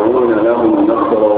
ويرون لهم نصر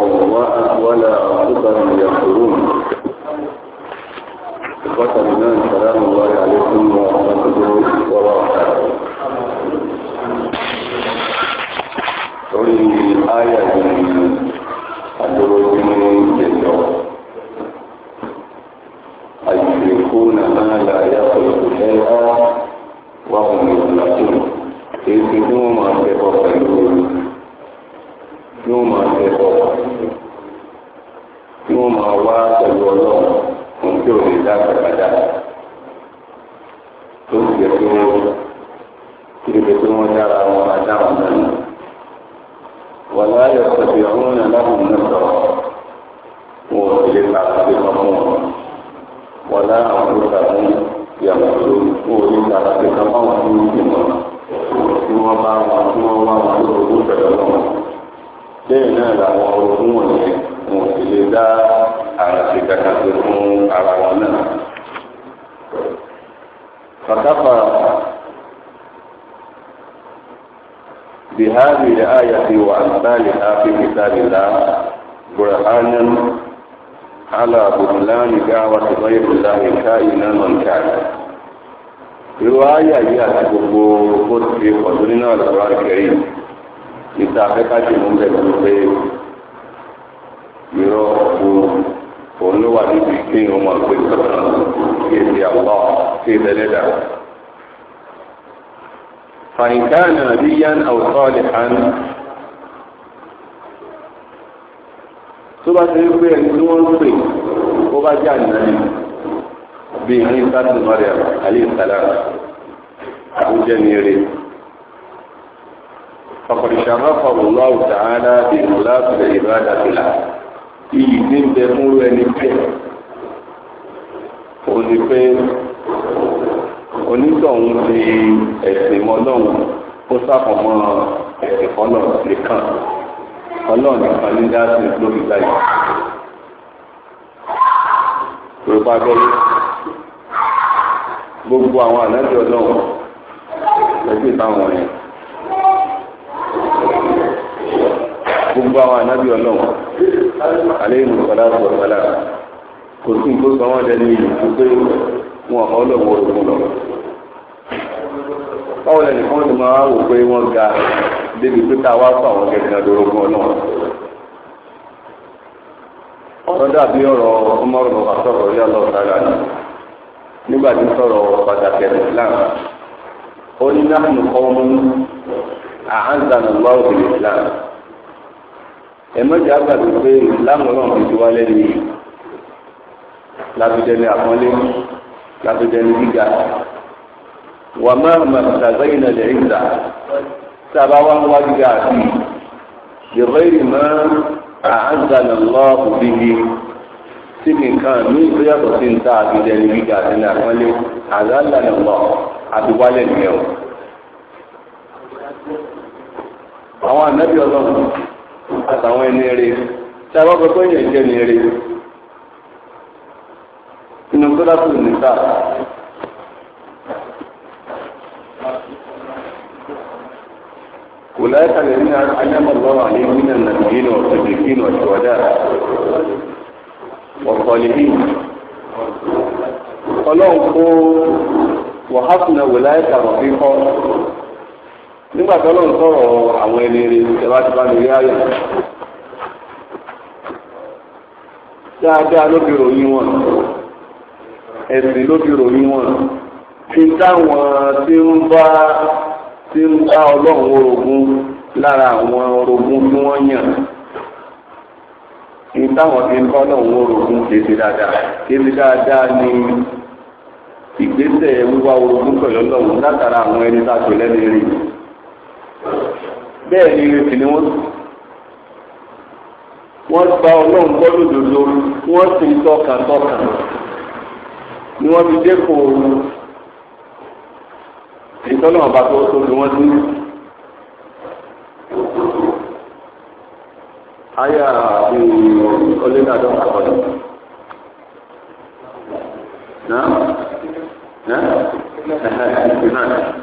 òun ló wà níbi kéèyàn máa pè sọ́kàn kéèdè àwọ̀ kéèdè lẹ́dà. fàyínká nàbí yan àwùjọ lè hàn. tó bá ti rí pé ẹni tí wọ́n pè ó bá jẹ́ ànáni bíi ní sátì Maryam alayhi salam àbújá ní eré. فقد شرفه الله تعالى بإخلاص العبادة له iyì tí ń bẹ fún ẹni bẹ́ẹ̀ o ní pé onítọ̀hún ti ẹ̀sìn mọ́ lọ́hùn ó sàkọ̀mọ́ ẹ̀sìn kọ́nà nìkan ọlọ́run nìkan ní dáàsì lórí báyìí yorùbá abẹ́rẹ́ gbogbo àwọn ànájọ ọlọ́run lọ́sí ìtàwọn yẹn gbogbo àwọn ànábì ọlọ́run. aleyhi musala sọ̀rọ̀lá kò sí nǹkó sọ wọn dẹni yìí tó pé wọn ọ̀ lọ́wọ́ ogun lọ. báwo lẹni kí ti máa wò pé wọ́n ga débi pé ta wá fún àwọn kẹ̀kẹ́ lórúkọ náà. ọ̀rọ̀ dàbí ọ̀rọ̀ ọmọọ̀rọ̀ bàbá sọ̀rọ̀ lọ sára ni nígbà tí sọ̀rọ̀ pàtàkì Islam ó ní náà ẹ̀mọ́jà àgbàdo pé ìsìláàmù ọlọ́run fi ti wá lẹ́nu yìí látọ̀jẹ̀ni àpọ́nlé látọ̀jẹ̀ni gíga wà máa ma tàgbẹ́yìn náà lè ìgbà tá a bá wá ń wá gíga àti yorùbá yìí máa àánzànà lọ́ọ̀kù bíbí tí nìkan ní ìgbéyàtọ̀ sí ń ta àtọ̀jẹ̀ni gíga àti ní àpọ́nlé àzánlànà lọ àti wálẹ̀ nìyẹn o. àwọn ànábì ọlọ́run àtàwọn ẹni rè tí a bá gbọ́ pé èèyàn jẹ́ ni rè inú sódàtù nìta. أولئك الذين أنعم الله عليهم من النبيين والصديقين والشهداء والصالحين ọlọ́run kó wàhásùnà wòláyé kàrọ̀ fífọ́ nígbà tó lọ́n sọ̀rọ̀ àwọn ẹni rẹ̀ ìjọba ti bá mi rí ayọ̀ dáadáa ló fi ròyìn wọn ẹ̀sìn ló fi ròyìn wọn fi táwọn tí ń bá tí ń bá ọlọ́run orogún lára àwọn orogún tí wọ́n yàn ní táwọn tí ń bá ọlọ́run orogún kìí ṣe dáadáa kìí ṣe dáadáa ni ìgbésẹ̀ wíwá orogún pẹ̀lú ọlọ́run látara àwọn ẹni tá a tò lẹ́nu rí i bẹ́ẹ̀ ni ìrètí ni wọ́n wọ́n gba ọlọ́run gbọ́dọ̀ dodo wọ́n sì ń tọ́ka tọ́ka ni wọ́n fi dẹ́kun ooru ìtọ́nà ọba tó tó ni wọ́n dúró. Aya ọlẹ́dàdọ́ àkọlẹ̀. Náà náà ẹ̀hẹ́ ìpínlẹ̀.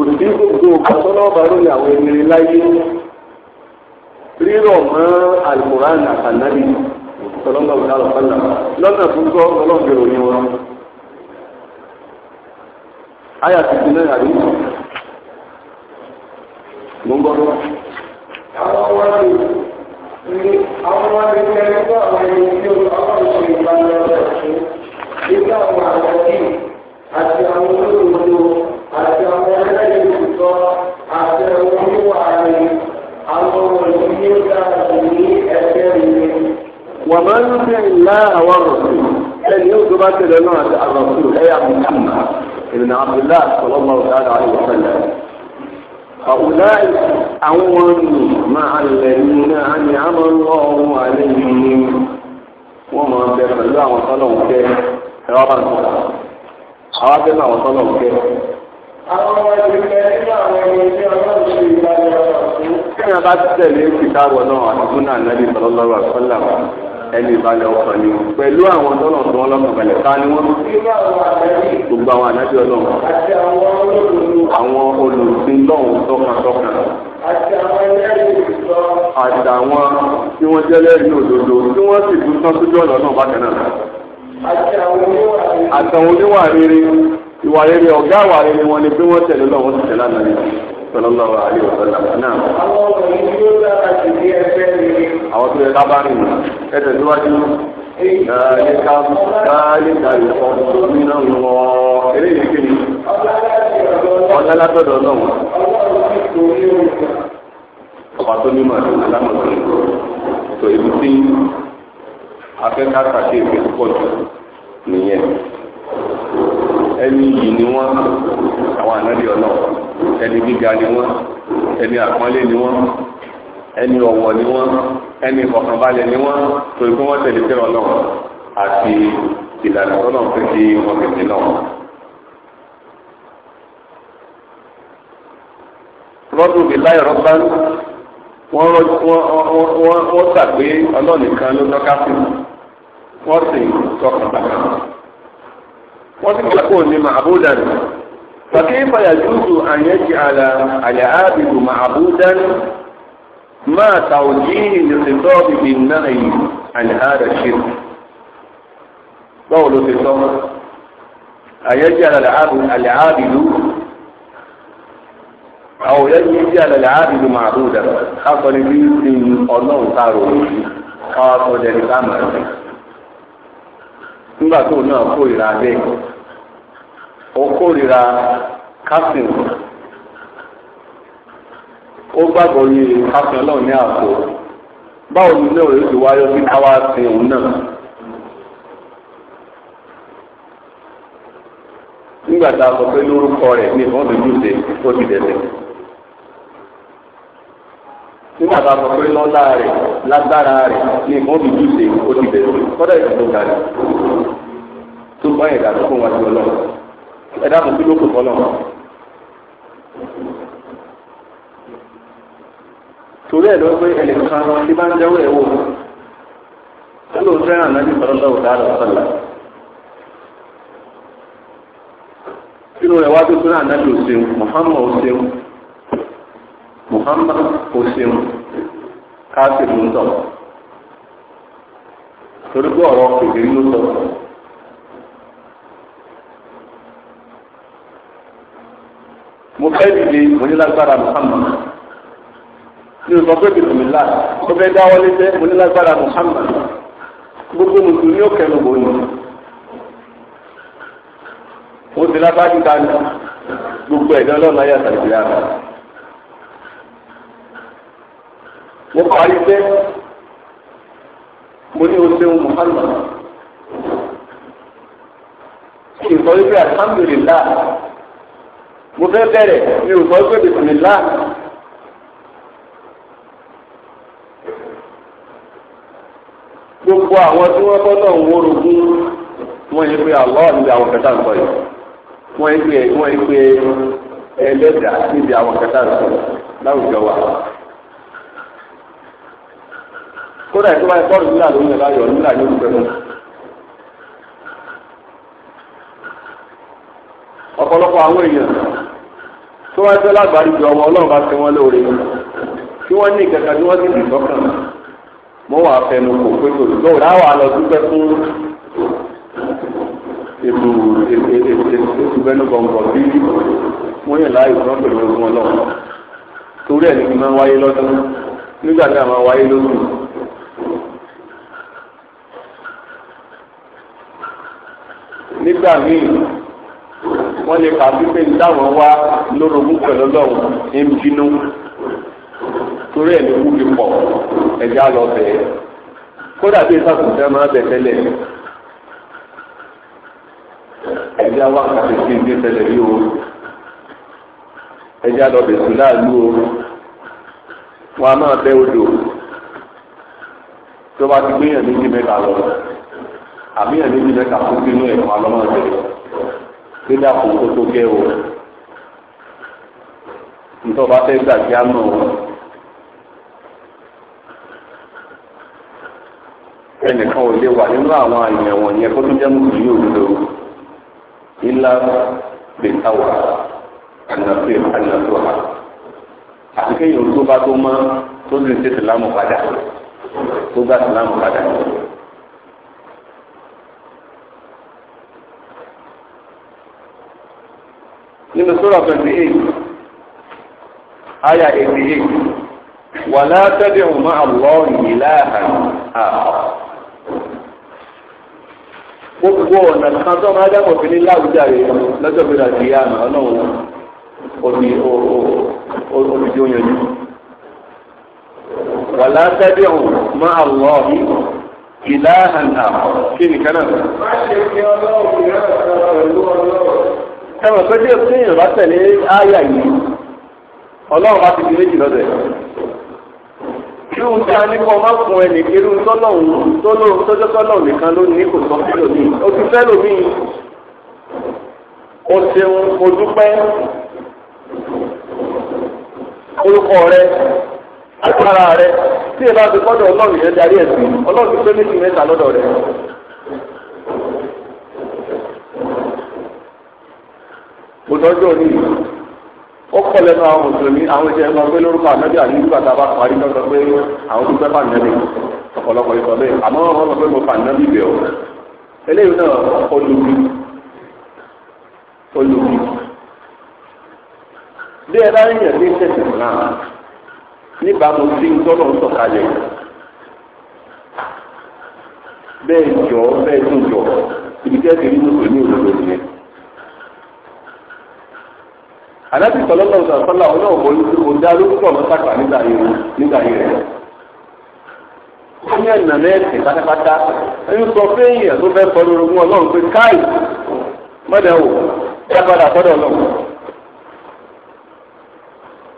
kò sí gbogbo ìgbàsọ́nà ọ̀bàrò ní àwọn ènìyàn láyé rírọ̀ mọ́ alukuran àtànábì sọlọ́nà ọ̀gá ọ̀fọ́nà lọ́nà tó gbọ́ ọlọ́ọ̀bẹ̀rẹ̀ òní wọn. àyà tuntun náà rí mo ń gbọ́dọ̀. àwọn wá ní ní àwọn wá ní ní ẹni tó àwọn ẹni tí ó àwọn ìṣe ìbánisọ̀rọ̀ ṣe nígbà àwọn àwọn yìí àti àwọn olóòtú àti àwọn ẹlẹ́yìn ìtọ́ àti ẹ̀wọ̀n oníwà àwọn ọmọ ìlú ní ẹgbẹ́ mi. wọ́n máa ń bẹ̀ ńlá àwọn rọ̀sùn ẹni yóò tó bá tẹ̀lé náà àti àrọ̀sùn ẹ̀yà mùsùlùmá ìrìnà abdullahi sọlọ́mọ ọ̀dáàdà àyè wọ́sẹ̀lẹ̀. هؤلاء أول مع الذين أنعم الله عليهم وما تخلى وصلوا كيف ربنا àwọn ọmọ ìgbẹ́ nínú àwọn ẹni tí ọlọ́run ṣe ìgbàlẹ̀ ọ̀rọ̀ fún. kí ni a bá tẹ̀lé kìtàbọ̀ náà àti súnà nàbí sọlọ́lọ́rọ̀ àkọlà ẹni ìbàlẹ̀ ọkàn ni wọn. pẹ̀lú àwọn tọ́lọ̀ tó wọn lọ́kàn balẹ̀ ká ni wọ́n. gbogbo àwọn ànábì ọlọ́run. àti àwọn olùsìn lọ́hùn tọkàntọkàn. àti àwọn ẹlẹ́rìí sọ. àtàwọn tí wọ́n jẹ́ lẹ́rìí òdodo tí wọ́n sì tún tán sójú ọ̀nà náà bákan náà. àti àwọn oníwà rere ìwà rere ọ̀gá àwà rere wọn ni pé wọ́n tẹ̀lé lọ́wọ́ sì tẹ̀lé àná sallallahu alaihi wasallam náà. àwọn ọkùnrin tí ó dára sí ní ẹgbẹ́ mi. àwọn tó yẹ ká bá rìn ẹ tẹ̀síwájú. káàlíkà káàlíkà ìfọ̀tò nínú wọn. eléyìí kí ni. ọ̀gá látọ̀dọ̀ náà. ọba tó ní màá alámọ̀tò tó ibi tí afẹ́ká kàkí pọ̀ jù nìyẹn ẹni yìí ni wọ́n àwọn ànábì ọlọ́run ẹni gíga ni wọ́n ẹni àpọ́nlé ni wọ́n ẹni ọ̀wọ̀ ni wọ́n ẹni ìfọ̀kànbalẹ̀ ni wọ́n torí pé wọ́n tẹ̀lé tẹ́lọ̀ náà àti ìlànà tọ́lọ̀ fẹ́ sí wọn tẹ̀lé náà. rọ́dùn bíi láyọ̀ rọ́bá wọ́n gbà pé ọlọ́ọ̀nì kan ló tọ́ka sí wọ́n sì tọkàn bàtà wọ́n sì gbà kó ní màbúdà ni. فكيف يجوز أن يجعل العابد معبودا مع توجيه للخطاب بالنهي عن هذا الشرك قول الخطاب أن يجعل العابد العابد أو يجعل العابد معبودا خاصة بالدين الله تعالى خاصة بالأمر nígbà tó náà kórìíra bẹ́ẹ̀ ó kórìíra kásìn ó gbàgbọ́ yé kásìn ọlọ́run ní àpò báwo ni ilé òye wáyọ sí káwá sin òun náà. nígbà tá a sọ pé lórúkọ rẹ̀ ní ìfọ́n tó tó ti nígbà tá a sọ pé lọ́lá tó bá ẹ̀dá tó fún wa ọlọ́run ẹ̀dá tó kí ló kò fọ́ torí ẹ̀ lọ́wọ́ pé ẹnìkan ti bá ń jẹ́wọ́ ẹ̀ wò ó ló fẹ́ràn náà ní sọ́dọ́dọ́ òdáàlọ́ sọ́la. sínú rẹ̀ wá tó náà Muhammad Muhammad fẹ́ dìde onílágbára Muhammad ní o sọ pé bisimilá o fẹ́ dáwọ́lé jẹ́ onílágbára Muhammad gbogbo mùsùlùmí ó kẹnu bò ní o ti lábájú ká ní gbogbo ẹ̀dá ọlọ́run ayé àtàlẹ́ ara mo parí pé mo ní o ṣeun Muhammad kì í sọ wípé alhamdulillah. mo fẹ́ bẹ̀rẹ̀ mi ò sọ pé bisimilá. gbogbo àwọn tí wọ́n bọ́ náà ń wórogún wọ́n yí pé àlọ́ níbi àwọn kẹta ń yìí wọ́n yí pé wọ́n yí pé ẹlẹ́dàá níbi àwọn kẹta láwùjọ wa. kódà ìtura nílà lóyún tó wáá fẹ́ lágbàáríjọ ọmọ ọlọ́run bá ti wọ́n lóore kí wọ́n ní ìkẹta tí wọ́n sì dì sọ́kàn mọ́ wàá fẹnu kò pé kò tó láwà lọ dúpẹ́ fún ètò ètò bẹ́nu gbọ̀ngàn bí wọ́n yàn láàyè fún pẹ̀lú ogun ọlọ́run torí ẹ̀ ní kí máa wáyé lọ́dún nígbà tí a máa wáyé lóṣù. nígbà míì wọ́n lè kà á wípé táwọn wá lórogún pẹ̀lú ọlọ́run ń bínú torí ẹ̀ ló wú mi pọ̀ ẹ̀já lọ bẹ̀ ẹ́ kódà bí sàkùnfẹ́ máa bẹ̀ tẹ́lẹ̀ ẹ̀já wá kàtẹ́ sí ilé tẹ́lẹ̀ yìí o ẹ̀já lọ bẹ̀ sùn láàlú o wọ́n a máa bẹ́ odò tó bá ti gbéyàn méjì mẹ́ta lọ àbíyàn méjì mẹ́ta fún sínú ẹ̀kọ́ alọ́mọdé pẹ̀lú àkókò tó gẹ́ o nítorí ọba fẹ́ gbàgbé àmọ́ o. ẹnìkan ò lè wà nínú àwọn àyàn wọ̀nyẹn kó tó jẹ́ mùsùlùmí òdodo ilá bẹ̀tàwà ànàfẹ́ ànàfẹ́ wa àti kéèyàn tó bá tó mọ́ tó sì ń ṣe padà tó bá ìsìlámù padà yìí. nínú sura twenty eight aya eighty eight wàlá tẹ́lẹ̀ ọ̀mọ́ àlọ́ ìlàhà àhà. gbogbo ọ̀nà kan tó máa dáhùn sí ní láwùjá rẹ̀ lọ́jọ́ gbéra sí àná ọlọ́run omi olùjó yanjú. wàlá tẹ́lẹ̀ ọ̀mọ́ àlọ́ ìlàhà àhà kí nìkan náà ẹ̀wọ̀n pé díẹ̀ sí ìyànbá tẹ̀lé ááyà yìí ọlọ́run bá ti di méjì lọ́dẹ̀. irú tí a ní kọ́ máa fún ẹnì irú tọ́lọ́hún tọ́jọ́ tọ́lọ́hún nìkan ló ní kò sọ sí lòmíì ó ti fẹ́ lòmíì o ṣeun o dúpẹ́ orúkọ rẹ agbára rẹ tí ẹ bá ti gbọ́dọ̀ ọlọ́run yẹn darí ẹ̀sìn ọlọ́run tó méjì mẹ́ta lọ́dọ̀ rẹ. kò tọ́jú òní ó kọ́ lẹ́nu àwọn mùsùlùmí àwọn ìṣẹ̀lẹ̀ máa gbé lórúkọ ànábì àti nígbà tá a bá parí náà sọ pé àwọn tó fẹ́ pàǹdẹ́bì ọ̀pọ̀lọpọ̀ ìsọ bẹ́ẹ̀ àmọ́ wọn sọ pé mo pàǹdẹ́bì bẹ̀ ọ́ eléyìí náà olùbí olùbí bí ẹ bá ń yàn ní sẹ́sìn náà níbàámu sí tọ́lọ̀ ń sọ̀kalẹ̀ bẹ́ẹ̀ jọ bẹ́ẹ̀ tún jọ ibi tẹ́ẹ̀sì nínú ìlú òdòdó nìyẹn àdábì sọlọ́lọ́ sọlá ọ̀nà òmòdá lórúkọ mọ́sákà nígbà yìí nígbà yìí rẹ̀. ó ní ẹ̀nà mẹ́ẹ̀sì pátápátá ẹni sọ pé èèyàn tó fẹ́ sọ lórí wọn náà pé káì mọ́dẹ̀ wò ẹ padà sọ́dọ̀ lọ.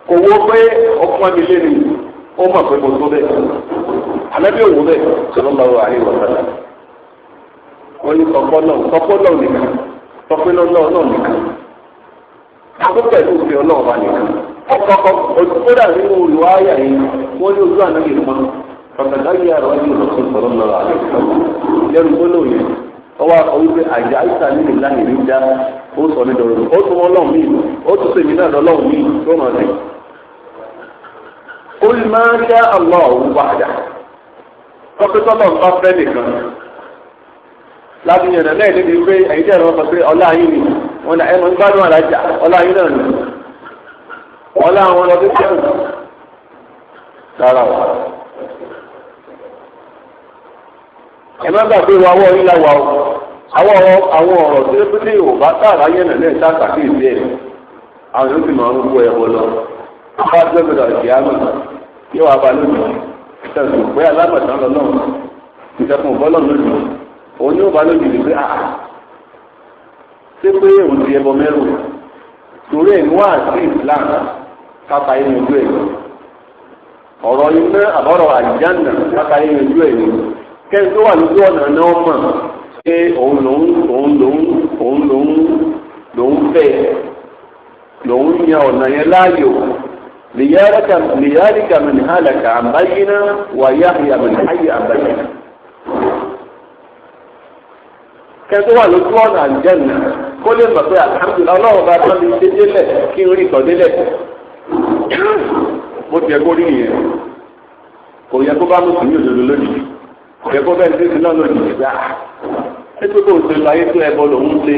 kò wo pé ọkùnrin mi lé ni ó mọ̀ pé mo tó bẹ́ẹ̀ ànábì òwò bẹ́ẹ̀ sọlọ́lọ́ àríwọ̀ sọlá. wọ́n ní sọpọ́ náà sọpọ́ náà nìkan sọpẹ́ náà náà nìkan. ọdún pẹ̀lú òfin ọlọ́run wa nìkan ọkọ̀ ojú kódà nínú olùwáyà yìí wọ́n ní ojú àná yìí mọ́ ọ̀kadà yìí àrò wájú ìlọsùn sọ̀rọ̀ lọ́la àlẹ́ lẹ́nu gbọ́dọ̀ yẹn ọwọ́ àjà àìsàn dá ó sọ ní dọ̀rọ̀ ó tún ọlọ́run ó tún sèmi náà lọ́lọ́run tó mọ̀ sí. ó lè máa ń dá àlọ́ wọn ni ẹnu gbádùn àlájà ọlá yín náà nù ọlá àwọn ọlọ́dún sẹ́yìn ẹ má gbàgbé wa wọ́n yín láwa o àwọn ọ̀rọ̀ àwọn ọ̀rọ̀ tí ó pété yorùbá yẹn àwọn yóò fi máa ń lọ. bá a dẹ́gbẹ̀ dà sí àmì yóò wá ba lónìí ìtẹ̀sùn pé lọ ṣé pé òun ti ẹbọ mẹ́rù torí ẹ̀mí wà sí Islam kápá inú ojú ẹ̀ ọ̀rọ̀ iná àbọ̀rọ̀ àjánà kápá inú ojú ẹ̀ ni kẹ́ni wà lójú ọ̀nà náà mọ̀ pé òun lòun òun lòun òun lòun lòun fẹ́ lòun yan ọ̀nà yẹn láàyò lìyáríkà mìíràn hàlàkà àbáyínà wàyà àyàmìíràn ayé àbáyínà kẹ́ni wà lójú ọ̀nà àjánà kó lè mọ̀ pé alhamdulilayi ọlọ́run bá tán mi ṣe délẹ̀ kí n rí ìtọ́ délẹ̀ mo tiẹ̀ kó rí nìyẹn kò yẹ kó bá mùsùlùmí òdodo lónìí kò yẹ kó bẹ́ẹ̀ ṣe sílẹ̀ lónìí gbà ètò kò ṣe láyé tó ẹbọ lòún ṣe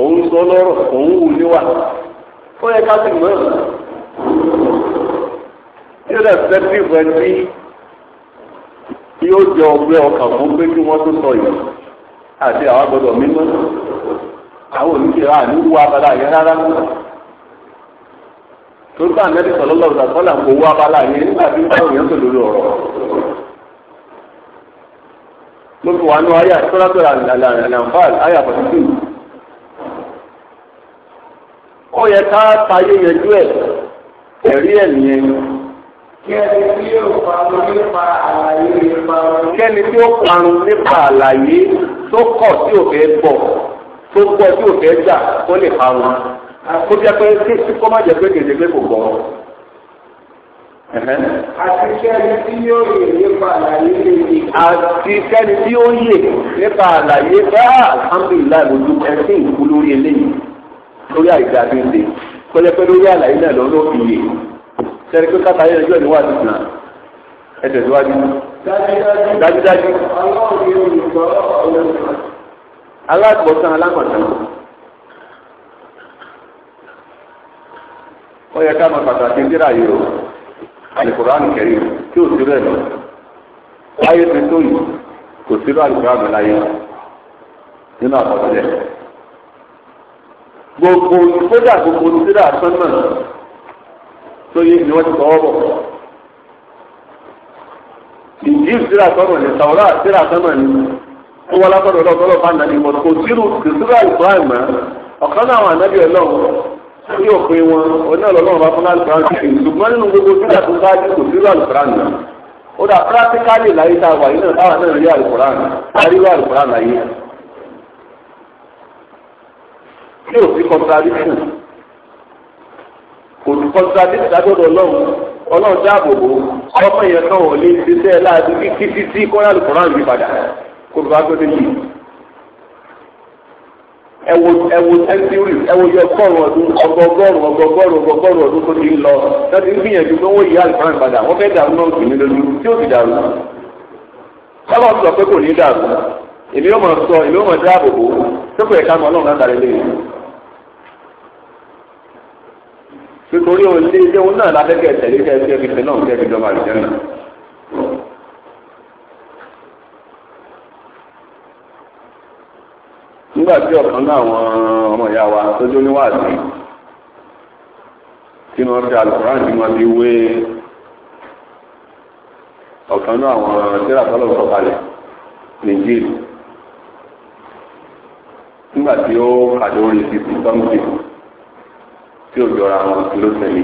òun sọ lọ́rọ̀ òun wù níwà ó yẹ ká sì mọ̀ yóò dẹ̀ fẹ́ tí yóò jẹ ọgbẹ́ ọkàn fún pé kí wọ́n tó sọ yìí àti àwọn gbọdọ̀ mímọ́. àwọn olùkèrè àní wú abala yẹn rárá torípa ànábì sọlọ́lọ́ ìdàkọ́là kò wú abala yẹn nígbà tí báwọn yẹn tó lórí ọ̀rọ̀ mo fi wà nù ayé àtúrọ́tò àlàǹfààl ayé àpàtúntì ó yẹ ká tayé yẹjú ẹ ẹ̀rí ẹ̀ nìyẹn kẹ́ni tí ó parun nípa àlàyé tó kọ̀ tí ò fẹ́ tó gbọ́ tí ò fẹ́ gbà ó lè pa wọn kó bí apẹ́ tí tí kọ́ má jẹ́ pé kèdè pé kò gbọ́. àti sẹ́ni tí yóò yè nípa àlàyé lè yè. àti sẹ́ni tí ó yè nípa àlàyé bá alhamdulilayi lójú ẹsẹ̀ ìkú lórí eléyìí lórí àìdá tó ń de kọjá pé lórí àlàyé náà lọ́nà òfin yè sẹ́ni pé káta yẹn lọ́jọ́ ìwádìí náà ẹ̀ tẹ̀síwájú dájúdájú. ọlọ́run yóò sọ ọ́ alágbọ̀tán alámọ̀tán. ó yẹ ká mọ pàtàkì díra yìí o alìkùránì kẹrì tí ò sí rẹ̀ lọ láyé ti tó yìí kò sí rẹ̀ alìkùránì láyé nínú àkọsílẹ̀ gbogbo kódà gbogbo síra sọ́nà tó yé ni wọ́n ti tọwọ́ bọ̀ ìdí síra sọ́nà ni sàwọ́rà síra sọ́nà ni ó wá látọ̀dọ̀ ọlọ́run tọ́lọ́ bá nàní mọ̀ kò sírù kìsírù àlùkùránì mọ́ ọ̀kan náà àwọn ànábì ọlọ́run tí yóò pin wọn oní ọlọ́run bá fún àlùkùránì sí ṣùgbọ́n nínú gbogbo tí yàtọ̀ bá dé kò sírù àlùkùránì mọ́ ó dà pírátíkálì láyé tá a wà yìí náà táwọn náà rí àlùkùránì àríwá àlùkùránì láyé tí o sí contradiction kò sí contradiction látọ̀dọ̀ ọlọ́run ọlọ́run dáàbò bò ọmọ yẹn náà ò lè ṣiṣẹ́ láàbí kíkí títí kọ́ńtà àlùkùránì kótó wá gbọ́dọ̀ yìí ẹwọ ẹwọ sẹńtúrì ẹwọ yọ ọgọ́rùn ọdún ọgọgọrùn ọgọgọrùn ọgọgọrùn ọdún tó ti ń lọ láti gbìyànjú pé wọn padà wọn dàrú náà ní tí ó dàrú sábà sọ pé kò ní dàrú èmi máa sọ èmi máa dáàbò bò tó kò yẹ ká mọ Ọlọ́run látàrí nítorí òun lé òun náà nígbà tí ọ̀kan náà àwọn ọmọ ìyá wa tó jó níwáàdì tí wọ́n fi alùpùrán tí wọ́n fi wé ọ̀kan náà àwọn tíra tọ́lọ̀ sọ̀kalẹ̀ nìjírí nígbà tí ó kàdé orí títí sọ́mùtì tí ó jọra wọn ló tẹ̀lé.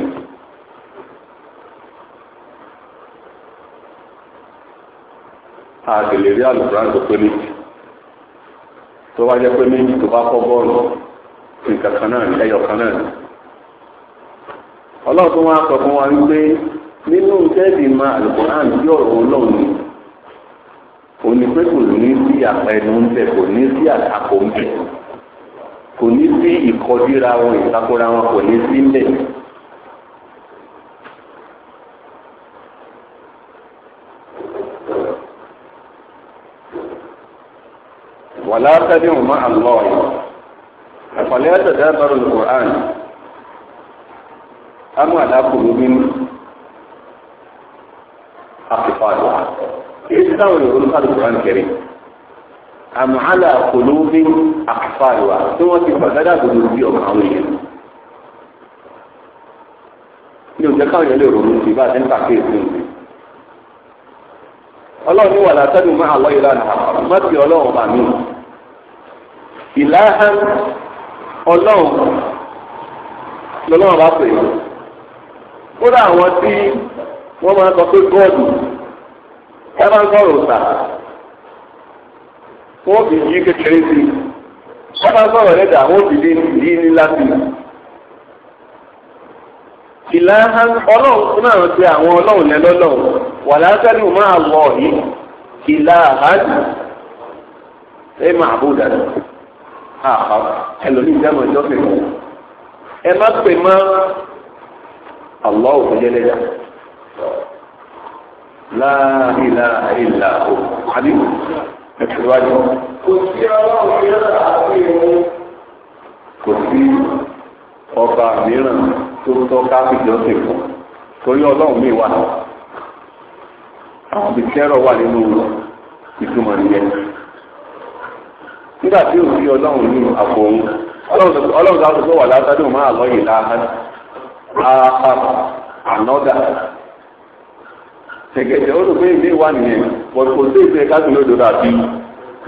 a sì lè rí alùpùrán tó pé méjì tó wá jẹ́ pé méjì tó bá kọ́ bọ́ọ̀lù nǹkan kan náà ẹyọ kan náà ọlọ́run tó wá sọ fún wa wípé nínú tẹ́ẹ̀dì máa alukoran bí ọ̀rọ̀ ọlọ́run ni òní pé kò ní sí àpẹẹnu ń bẹ kò ní sí àtakò ń bẹ kò ní sí ìkọdíra wọn ìtakora wọn kò ní sí ń bẹ. wàlá tẹ́lẹ̀ mọ́ àlọ́ yìí àfàlẹ́ àtẹ̀dá bàrù Qur'an amú àdàkùnrin nínú àfipáàdùn èyí táwọn èrò ń kálù Qur'an kẹrì àmọ́ àlà kòlóbí àfipáàdùn tí wọ́n ti fàgádà gbogbo bí ọmọ àwọn èèyàn ní òjò káwọn yẹn lè ronú sí bá a ti ń ta kéèsì ọlọ́run ní wàlá tẹ́lẹ̀ mọ́ àlọ́ yìí lánàá má ọlọ́run bá mi. ìlàhà ọlọ́run lọ́lọ́run bá pè é kódà àwọn tí wọ́n máa sọ pé gọ́ọ̀dù ẹ máa wọ́n fi yí kékeré sí i wọ́n wọ́n fi lé yí ní láti. ìlàhà ọlọ́run náà ti àwọn ọlọ́run lẹ́lọ́lọ́run wà lásán ní máa wọ̀ yìí ìlàhà ẹ máa dáadáa. àpá ẹlòmíì jẹ́ àwọn ìjọsìn kan ẹ má pè mọ́ àlọ́ òkúnjẹ́ lẹ́jà láàrínlá ìlà àbí ẹ̀sìwájú. kò sí ọlọ́run mìíràn àti ìrún. kò sí ọba mìíràn tó tọ́ káfíńtì ọ̀sẹ̀ kan torí ọlọ́run mi wà àwọn ibi tí wà nínú ìtumọ̀ nìyẹn nígbà tí òun rí ọlọ́run ní àpò òun ọlọ́run sáà tó wà látàdé òun máa lọ́yìn láhán àhà ànọ́dà tẹ̀gẹ̀dẹ̀ ó rò pé ìwé wà nìyẹn wọ́n kò sí ìpínlẹ̀ káàkiri lódò dàbí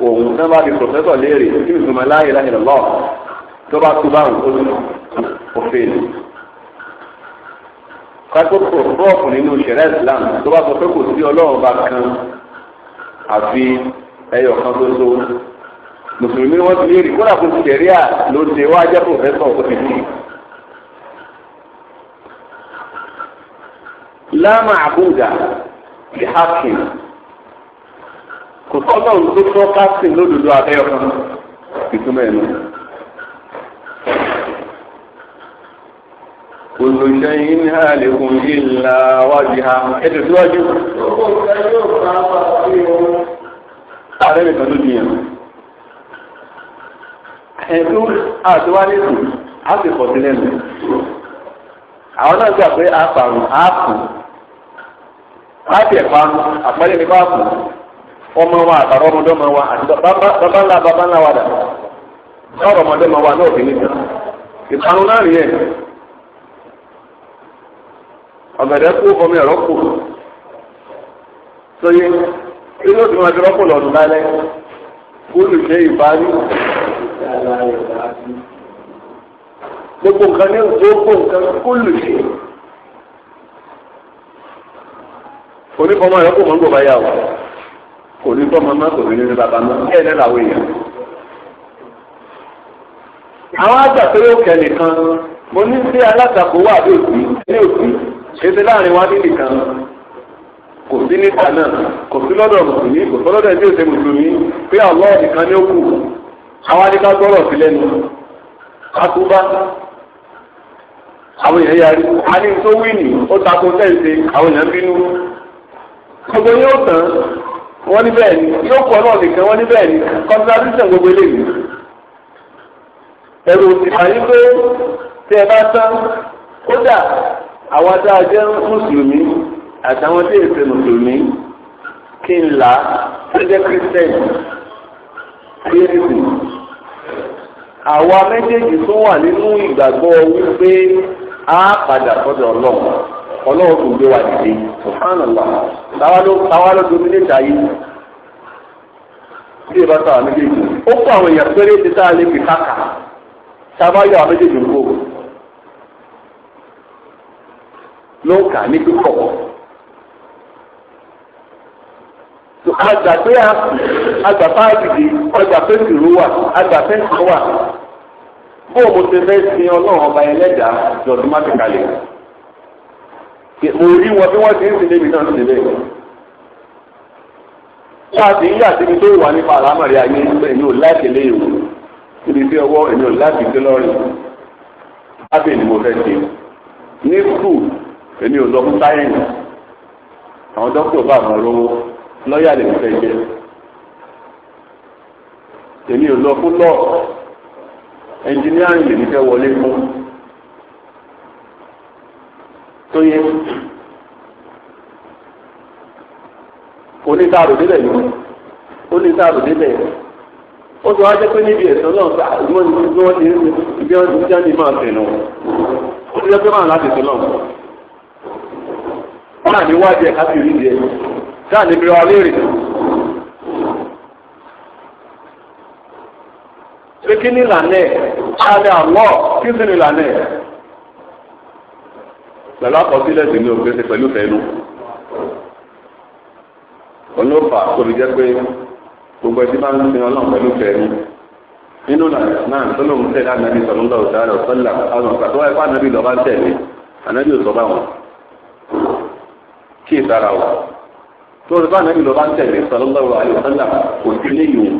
òun náà bá di pòfẹ́sọ̀ léèrè tí ìtumọ̀ láàyè láyè lọ́ọ̀ tó bá tó báwọn tó lù òfin kákòkò rọ́ọ̀fù nínú ìṣẹ̀rẹ́ Islam tó bá sọ pé kò sí ọlọ́run bá kan àfi ẹyọ kan tó tó mùsùlùmí wọn ti léèrè kódà kó ti tẹ̀ríà ló ṣe wá jẹ́ pòfẹ́sọ̀ ó ti dì í. láàmà àbúdà ti hákìn kò sọ́gbà tó tọ́ káṣíìn lódodo abẹ́yọkan ìtumọ̀ ẹ̀ nù. Kullu shay'in halikun illa wajha. Ẹ tẹ̀síwájú. Ààrẹ nìkan ló di yẹn ẹ̀dún àtiwálẹ̀kù á sì pọ̀ sílẹ̀ nù. àwọn náà gbà pé àpàrùn àpù láti ẹ̀pá àpẹẹrẹ nípa àpù ọmọ wa àtàrọ̀ ọmọdọ́mọ wa àti bàbá ńlá bàbá ńlá wa dà sọ̀rọ̀ ọmọdọ́mọ wa náà fi níta ìparun náà rí ẹ̀ ọ̀gẹ̀dẹ̀ kú ọmọ ẹ̀rọ kù sóyè inú òdìmọ̀ ẹ̀rọ kù lọ́dún lálẹ́ kóòlù jẹ́ ìbárí gbogbo nǹkan ní gbogbo nǹkan kóòlù jẹ́ onífọmọ rẹ kò mọ gbọ bá yà wọ kò ní tọmọ má kò ní ní bàbá má kí ẹ lẹ́la àwọn èèyàn. àwọn àgbàpẹ́rẹ́ òkè nìkan mo ní sí alátakò wà ní òbí ní òbí ṣe ti láàrin wa ní kò sí níta náà kò sí lọ́dọ̀ mùsùlùmí kò sí lọ́dọ̀ ẹbí òsè mùsùlùmí pé Allah nìkan ní ó kù àwa ní ká gbọ́rọ̀ sí lẹ́nu àtúbá àwọn èèyàn yarí a ní tó wí nì ó takò sẹ́ǹsẹ̀ àwọn èèyàn bínú gbogbo yóò tán wọ́n ní bẹ́ẹ̀ ni yóò kọ́ náà nìkan wọ́n ní bẹ́ẹ̀ ni kọ́ńtàdíṣàn gbogbo eléyìí ẹ̀rù òsì àyè pé tí ẹ bá tán kódà àwọn adájẹ́ àtàwọn tí èsè mùsùlùmí kí n là tó jẹ́ kírísítẹ́nì kírísítì àwa méjèèjì tó wà nínú ìgbàgbọ́ wípé a padà sọ́dọ̀ ọlọ́run ọlọ́run kò gbé wa dìde subhanallah táwa ló táwa ló domi lè dáyé bí ìbá sọ àwọn méjèèjì ó kó àwọn èèyàn péré ti tá a lè fi káka tá a bá yọ àwọn méjèèjì ń kó ló ń kà ní pípọ̀. agbàgbé agbàfáàdìdì ọjàfẹ́ tìrú wà agbàfẹ́ tìrú wà bó o mo ṣe fẹ́ sin ọlọ́run ọba ẹlẹ́dàá lọ́dún má ti kalẹ̀ mo rí wọn bí wọ́n ti ń sin lébi náà sílẹ̀ wọ́n ti ń yà síbi tó wà nípa àlámọ̀rí ayé èmi ò láti lé ìwò níbi tí ọwọ́ èmi ò láti dé lọ́rìn ábẹ́ ni mo fẹ́ ṣe ní skul èmi ò lọ fún sáyẹ̀nsì àwọn dókítà bá àwọn rówó lọ́ọ̀yà lè fẹ́ jẹ èmi ò lọ fún lọ́ọ̀ ẹnjìníàrì lèmi fẹ́ wọlé fún tó yẹ onítaàrò débẹ̀ ni onítaàrò débẹ̀ ó sọ wá jẹ́ pé níbi ẹ̀sán náà sá ìmọ̀ ní bí wọ́n ti ń bí wọ́n ti ń jáde máa tẹ̀ nù ó ti jẹ́ pé máa láti sọ náà wọ́n àníwájú ẹ̀ ká sì ìdí ẹ̀ tá táà níbi wa léèrè. pé kí ni ìlànà ẹ̀ ṣáàdà àlọ́ kí sì ni ìlànà ẹ̀. pẹ̀lú àkọsílẹ̀ sí ní òfin ṣe pẹ̀lú fẹ́nu. olóòfà tóbi jẹ́ pé gbogbo ẹtí bá ń sin ọlọ́run pẹ̀lú fẹ́nu. nínú ìlànà náà tó lóun tẹ̀lé ànábì sọ̀rọ̀ ńlá òṣà rẹ̀ sọ́là àwọn ọ̀sà tó wáyé fún ànábì lọ́ba ń tẹ̀lé ànábì ò sọ bá wọn. kí ìtara wọn tó o bá nàbí lọ bá ń tẹ̀lé sallallahu alaihi wasallam kò sí ní ìwò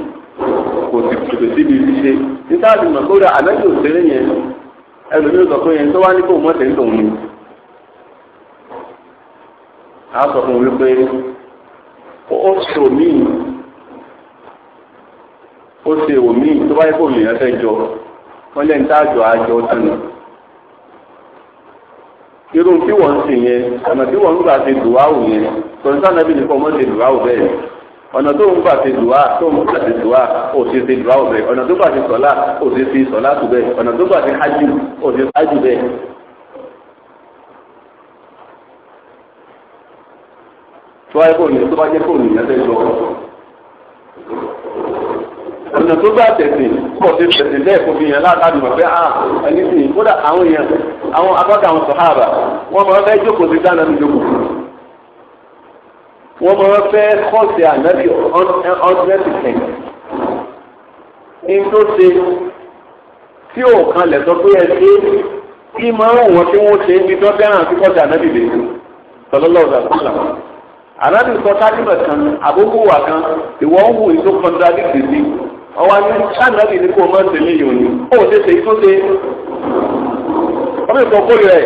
kò sì tòkè síbi ṣíṣe níta àti mọ̀ kódà ànábì òṣèré yẹn ẹlòmíì sọ pé yẹn tó wá ní kó mọ̀ tẹ̀lé tòun ni. a sọ fún wípé ó ṣe òmíì ó ṣe òmíì tó bá yẹ kó òmìnira fẹ́ jọ wọ́n lẹ́ni tá àjọ àjọ tán ni irú tí wọ́n ń sè yẹn ọ̀nà tí wọ́n ń gbà ṣe dùwáwù yẹn tòǹtà nàbí nìkan ọmọ ṣe dùwáwù bẹ́ẹ̀ ọ̀nà tó ń gbà ṣe dùwà tó ń gbà ṣe dùwà ò ṣe ṣe dùwà ọ̀bẹ ọ̀nà tó gbà ṣe sọ̀lá ò ṣe ṣe sọ̀lá tù bẹ́ẹ̀ ọ̀nà tó gbà ṣe hájù ò ṣe hájù bẹ́ẹ̀. tó wáyé kò ní tó bá jẹ́ kò ní fẹ́ ọ̀nà tó bá tẹ̀sìn pọ̀ sí tẹ̀sìn lẹ́ẹ̀ kó fi yàn látàdì mọ̀ pé a ah, ẹni sìn kódà àwọn èèyàn àwọn apáka àwọn sọ̀háàbà wọ́n máa fẹ́ jókòó sí dáná mi jókòó wọ́n máa fẹ́ kọ́ọ̀sì ànábì ọ̀ndẹ́sìtẹ̀ ní tó ṣe tí ò kan lẹ̀ sọ pé ẹ ṣe kí máa ń wọ́n tí wọ́n ṣe ní tó fẹ́ràn sí kọ́ọ̀sì ànábì lè sọlọ́lọ́ọ̀ ànábì sọ sáré kan àbókù wà kan ìwọ ń ọwọ́ àmì ha ni kò máa ń tẹ̀lé yìí òní ó ṣe ṣe tó ṣe ọmọ ìtọ́ kórè rẹ̀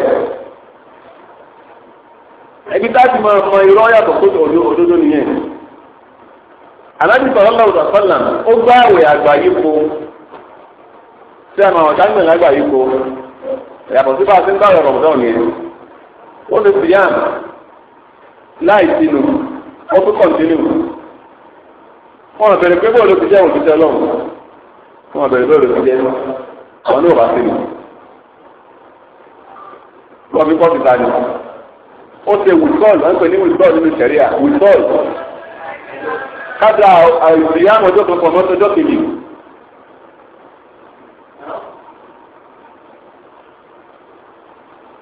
ẹbí táàtì máa mọ irọ́ yàtọ̀ tó òdodo nìyẹn aláàbí sọ̀rọ̀ lọ́wọ́ sọ̀là ó gbá àwẹ̀ àgbà yìí po tí a máa wọ̀ sáńgbẹ̀ lágbà yìí po yàtọ̀ sí bá a ti ń bá ọ̀rọ̀ ọ̀dọ́ nìyẹn ó fi yàn láì sínú ó tún wọn bẹ̀rẹ̀ pé bọ́ọ̀lù ti jẹ́ òṣìṣẹ́ ọlọ́run wọn bẹ̀rẹ̀ bọ́ọ̀lù ti jẹ́ wọn ní òbá sílẹ̀ wọn fi kọ́ọ̀tù ta ni ó ṣe wùsọ́ọ̀lù wọn pè ní wùsọ́ọ̀lù nínú sẹ̀ríà wùsọ́ọ̀lù kájà àìsíyàmù ọjọ́ kan pọ̀ mọ́tọ́jọ́ kejì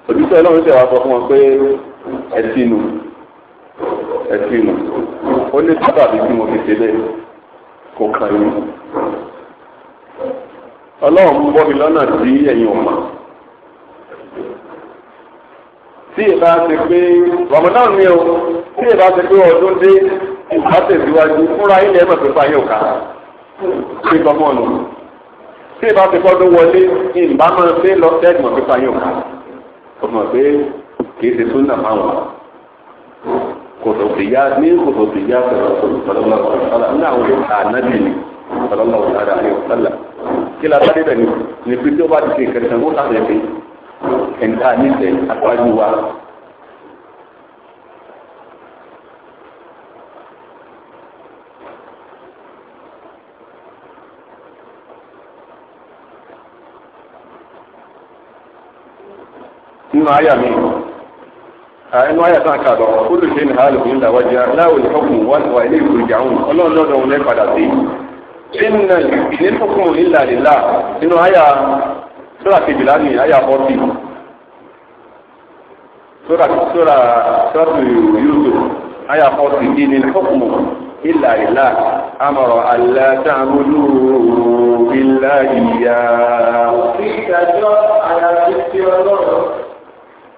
òṣìṣẹ́ ọlọ́run ṣẹ̀wá sọ fún wọn pé ẹ̀sìn nù ẹ̀sìn nù ó ní sábàbí tí mo fi ṣe bẹ́ẹ̀ kò kàn yín ọlọ́run ń bọ́ mi lọ́nà tí ẹ̀yin ò mọ̀ tí ìbá ti pé ramadan ni o tí ìbá ti pé ọdún dé ìbá tẹ̀síwájú fúnra yín lẹ́ẹ̀mọ̀ pé fáyé ò ká ṣé gbọ́mọ̀ nù tí ìbá ti kọ́ ló wọlé ìbá máa ṣe lọ sẹ́ẹ̀dùmọ̀ pé fáyé ò ká ọmọ pé kì í ṣe tún nà fáwọn kòtòkìyà ní kòtòkìyà sọlọlọ ni sọlọlọ ọ̀nàdà àyè ọ̀sálà kí la bá débẹ̀ ní pé tí ó bá ti ṣe kẹsàn ó sàrẹ̀ pé ẹ̀ńtà níṣẹ́ àtúwájú wa. nínú àyà mi ẹnu ayé àtàn kàdọ kúlù ṣe ní hàlù ní ìdáwájú aláwọ ìfọkùn wọn wà ilé ìgbìmọ̀ ìjàun ọlọ́run lọ́dọ̀ òun lẹ́ padà sí. sínú ìfọkùn ìlà lílà nínú ayé sóra kejìlá ní ayé àfọ́tì sóra sóra sọ́ọ̀tù yusuf ayé àfọ́tì kí ní ìfọkùn ìlà lílà amọ̀rọ̀ alátàmúlù ìlà ìyá. ìdájọ́ àyàfi ti ọlọ́run.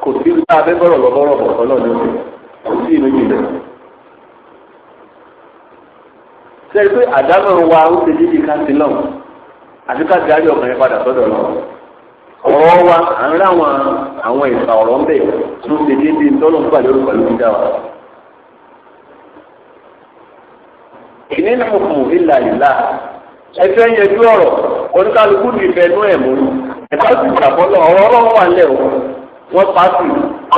kò sí ibi tá a fẹ́ bọ̀rọ̀ lọ́bọ̀rọ̀ bọ̀tọ́ ní oṣù kò sí ìlú ìlẹ̀. sẹ́yìn pé àdámọ̀ wa ó ṣe dídí náà àti káńtì ayé ọkùnrin padà sọ́dọ̀ náà ọ̀rọ̀ wa à ń ráwọn àwọn ìfà ọ̀rọ̀ ń bẹ̀ tó ṣe dídí tọ́lọ̀ ń gbà lórí pẹ̀lú dídá wa. ìní náà kù ìlà ìlà ọ̀rọ̀ wọ́n pàṣẹ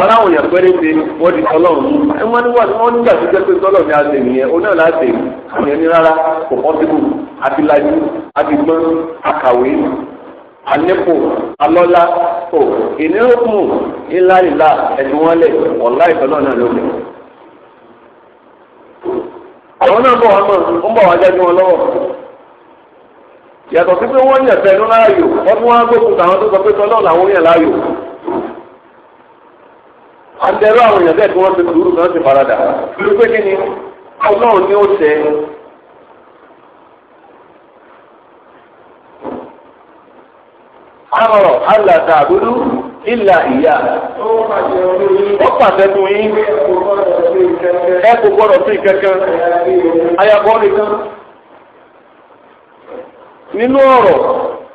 ọ̀rọ̀ àwọn èèyàn péré ṣe wọ́n di tọ́lọ́run ẹ wọ́n ní wọ́n nígbà tó jẹ́ pé ni a ṣe nìyẹn ṣe rárá kò pọ́sibú àti lajú àkàwé ànípò alọ́lá ò ìníròkùn ńlá ìlà ọ̀la náà àwọn náà bọ̀ wọn mọ̀ ń bọ̀ wọn àtẹ̀rọ àwọn èèyàn bẹ́ẹ̀ tí wọ́n ti dúró kan ti faradà lórí pé kí ni ọlọ́run ni ó tẹ àrọ̀ alàtà àbúrú ìlà ìyá ó pàṣẹ fún yín ẹ kò gbọ́dọ̀ sí kankan ayabọ́ nìkan nínú ọ̀rọ̀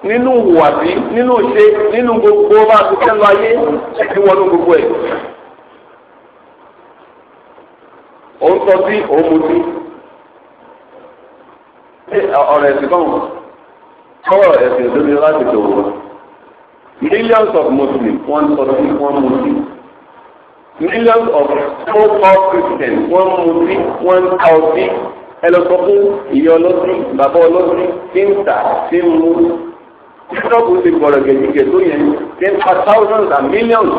nínú ìwàdí nínú ìṣe nínú gbogbo bá a ti fẹ́ lọ ayé ìwọ́nú gbogbo ẹ̀ ó ń tọ́ sí òun mutí ọ̀rọ̀ ẹ̀sìn kan kọ́rọ̀ ẹ̀sìn lórí láti tòun wọn millions of muslims wọ́n tọ́ sí wọ́n mutí millions of so-called christians wọ́n mutí wọ́n ta ọtí ẹlọ́sọ fún ìyá ọlọ́sí bàbá ọlọ́sí tí ń tà tí ń mú tíṣọ́ọ̀bù ti gbọ̀rọ̀ gẹ̀dígẹ̀ tó yẹn ti ń pa thousands and millions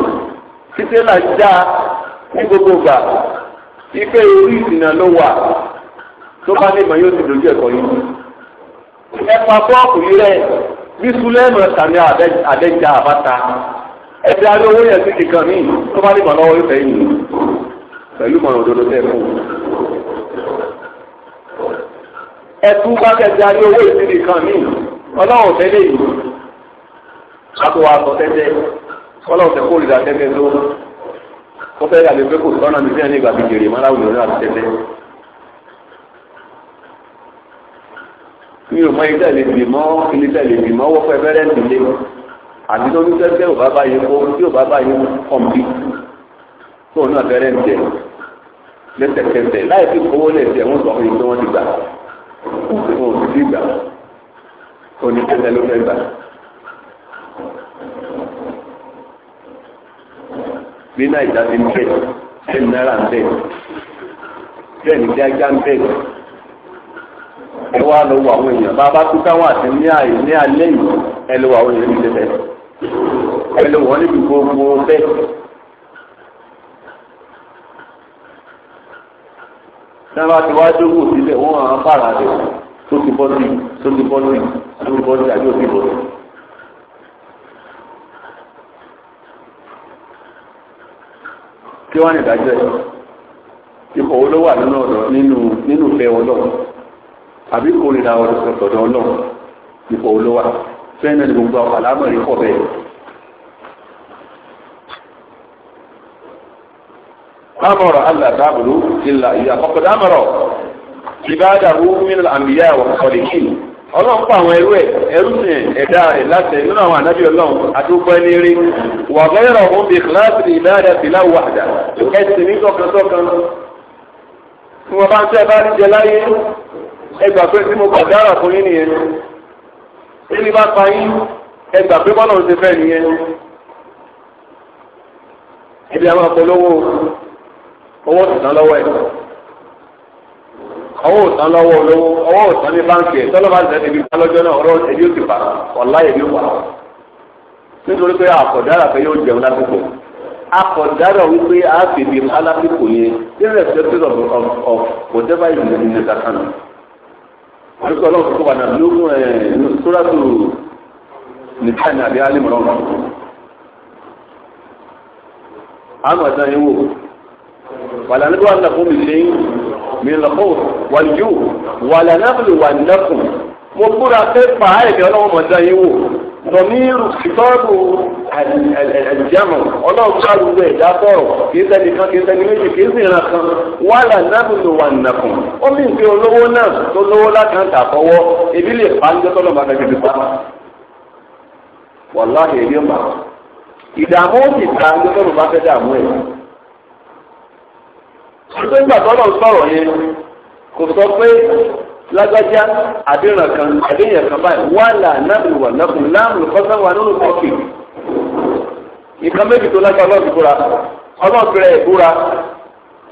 títí là já ní gbogbo gbà ife orí ìsìnà ló wà tó bá lè mọ yóò ti dojú ẹ̀kọ́ yìí. ẹ pa bọ́ọ̀kù yìí rẹ̀ bí sulẹ́mù sàmì àdẹ́jà àbáta ẹ̀dá lówó yẹn sí kíkan míì tó bá lè mọ lọ́wọ́ ìfẹ́ yìí pẹ̀lú mọ̀ràn òdodo tẹ̀ fún un. ẹtú bá kẹsẹ̀ ayé owó ìsinmi kan míì ọlọ́run tẹ́lẹ̀ yìí. a tó wa sọ tẹ́tẹ́ ọlọ́run tẹ́ kórìíra tẹ́tẹ́ tó wọ́n fẹ́ yàgbé pé kò sọ́nà mi fẹ́ẹ́ ní ìgbà gbèjèrè mọ́ láwùjọ náà tẹ́tẹ́. mi ò mọ ilé ìlè bìmọ́ ilé ìlè bìmọ́ wọ́pọ̀ ẹgbẹ́rẹ́ ìdílé àti tó ní tẹ́tẹ́ ò bá báyìí kó tí ò bá báyìí kọ̀m̀pì tó náà fẹ́rẹ́ ń tẹ̀ lẹ́sẹ̀kẹsẹ̀ láì fi kówó lẹ̀ tẹ̀ wọ́n sọ fún mi pé wọ́n ti gbà wọ́n ti gbà ó ní tẹ́tẹ́ ló fẹ́ gbà. bí náírà ti ń bẹ̀ ten náírà ń bẹ̀ bẹ́ẹ̀ ní kíákíá ń bẹ̀ ẹ wá lọ wọ àwọn èèyàn bàbá tó káwọn àti ní àyè ní alẹ́ yìí ẹ lọ wọ àwọn èèyàn níbi bẹ́ẹ̀ ẹ lọ wọ́n níbi gbogbo bẹ́ẹ̀. sábà tí wàá dógò sílẹ̀ wọ́n á bàrà rẹ̀ tó ti bọ́ sí tó ti bọ́ sí tó kí wọ́n á ní ìdájọ́ ẹ̀ ipò wo ló wà nínú ọ̀dọ̀ nínú nínú ìfẹ́ ọlọ́run àbí kórìíra ọ̀dọ̀ ọlọ́run ipò wo ló wà fẹ́ẹ́ náà ni gbogbo àwọn àlámọ̀rí pọ̀ bẹ́ẹ̀. amọ̀rọ̀ alàdáàbòló ìlà ìyàkọ̀kọ̀dá amọ̀rọ̀ ìbáàdàwó min al-anbiya wa salihin ọlọ́run pa àwọn ẹrú ẹ̀ ẹrú sìn ẹ̀dá rẹ̀ láti nínú àwọn ànábì ọlọ́run àdúgbò ẹni rí wà bẹ́ẹ̀rọ̀ ọ̀hún bíi kíláàsì ìbáradà fìlà wàdà ẹ̀sìn ní sọ̀kansọ̀kan tí wọ́n bá ń tẹ́ bá ń jẹ láyé ẹgbà pé tí mo kọ̀ dára fún yín nìyẹn ẹni bá pa yín ẹgbà pé bọ́lá ò ti fẹ́ nìyẹn ẹbí àwọn apolówó owó tìtàn lọ́wọ́ ẹ̀ ọwọ́ òtán lọ́wọ́ olówó ọwọ́ òtán ní báńkì ẹ̀ tọ́lọ́ bá zẹ́ ibi kálọ́jọ́ náà ọ̀rọ̀ ẹ̀dí ó ti bà ọ̀la ẹ̀dí ó wà ọ́ nítorí pé àkọ̀dára pé yóò jẹun lásìkò akọ̀dára wípé a fi ibi alásìkò yẹn irrespective of of of whatever is in the account. orúkọ ọlọ́run tó wà náà lógún ẹ̀ sóràtù nìkan ní abẹ́ alẹ́ mọ̀ràn. àwọn ọ̀sán yẹn wò mílíọ̀nù wàlíyù wàlànàbìlì wàlínàkùn mo búra pé pàá ẹ̀mí ọlọ́run mọ̀dá yín wò tọ̀míìrù ìtọ́rù ẹ̀jẹ̀mọ̀ ọlọ́run bá gbogbo ẹ̀dá sọ̀rọ̀ kì í sẹ́ni kan kì í sẹ́ni méjì kì í sì ràn kan wàhálà nábùlù wà nàkùn ó mì ń pe olówó náà tó lówó lákàntà fọwọ́ ebi lè pa ní tọ́lọ̀ bá fẹ́ẹ́ fi wàláhì èyí mà ìdààmú ó ta ní tọ́lọ̀ bá fẹ́ẹ́ dààmú ẹ̀ ṣùgbọ́n nígbà tó lọ́n sọ̀rọ̀ yẹn kò sọ pé lágbájá àdéhùn kan àdéhùn kan báyìí wàhálà náàbì wà lẹ́kùn láàmù lọ́sẹ̀ wà nínú kọ́ọ̀kì nǹkan méjì tó lágbára ọlọ́ọ̀bì búra ọlọ́ọ̀bì rẹ̀ búra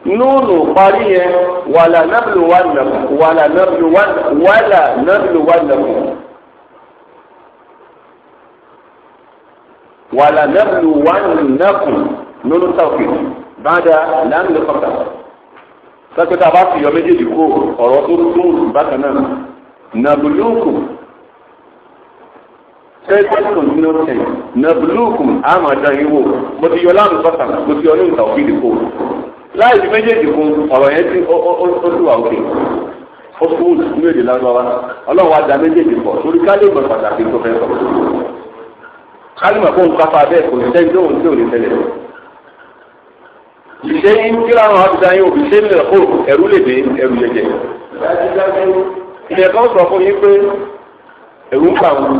nínú parí yẹn wàhálà náàbì wà lẹ́kùn wàhálà náàbì wà lẹ́kùn. wàhálà náàbì wà lẹ́kùn nínú tàwùkì bá dáa láàmù sọ́kẹ́ tá a bá fi yọ méjèèjì kó ọ̀rọ̀ tó tún rù bákan náà nàbùlùkùn tẹ́tẹ́kùn ní ọ̀sẹ̀ nàbùlùkùn àmọ́ ẹ̀dá yín wò mo ti yọ láàmú sọ́kàn mo ti yọ ní nǹkan òfin kó láì fi méjèèjì kún ọ̀rọ̀ yẹn tí ó tún wà òkè ó tún wù ní èdè lárúbáwá ọlọ́run wa da méjèèjì pọ̀ torí ká lè mọ̀ pàtàkì tó fẹ́ sọ ká lè mọ̀ fóun kápá bẹ́ẹ̀ kò ní sẹ́yìn tó ìṣe ń kí láwọn abidá yín òbí ṣe ń lè kó ẹrú lè dé ẹrú jẹjẹ. ilẹ̀ kan sọ fún yín pé ẹ̀rù ń bà wọn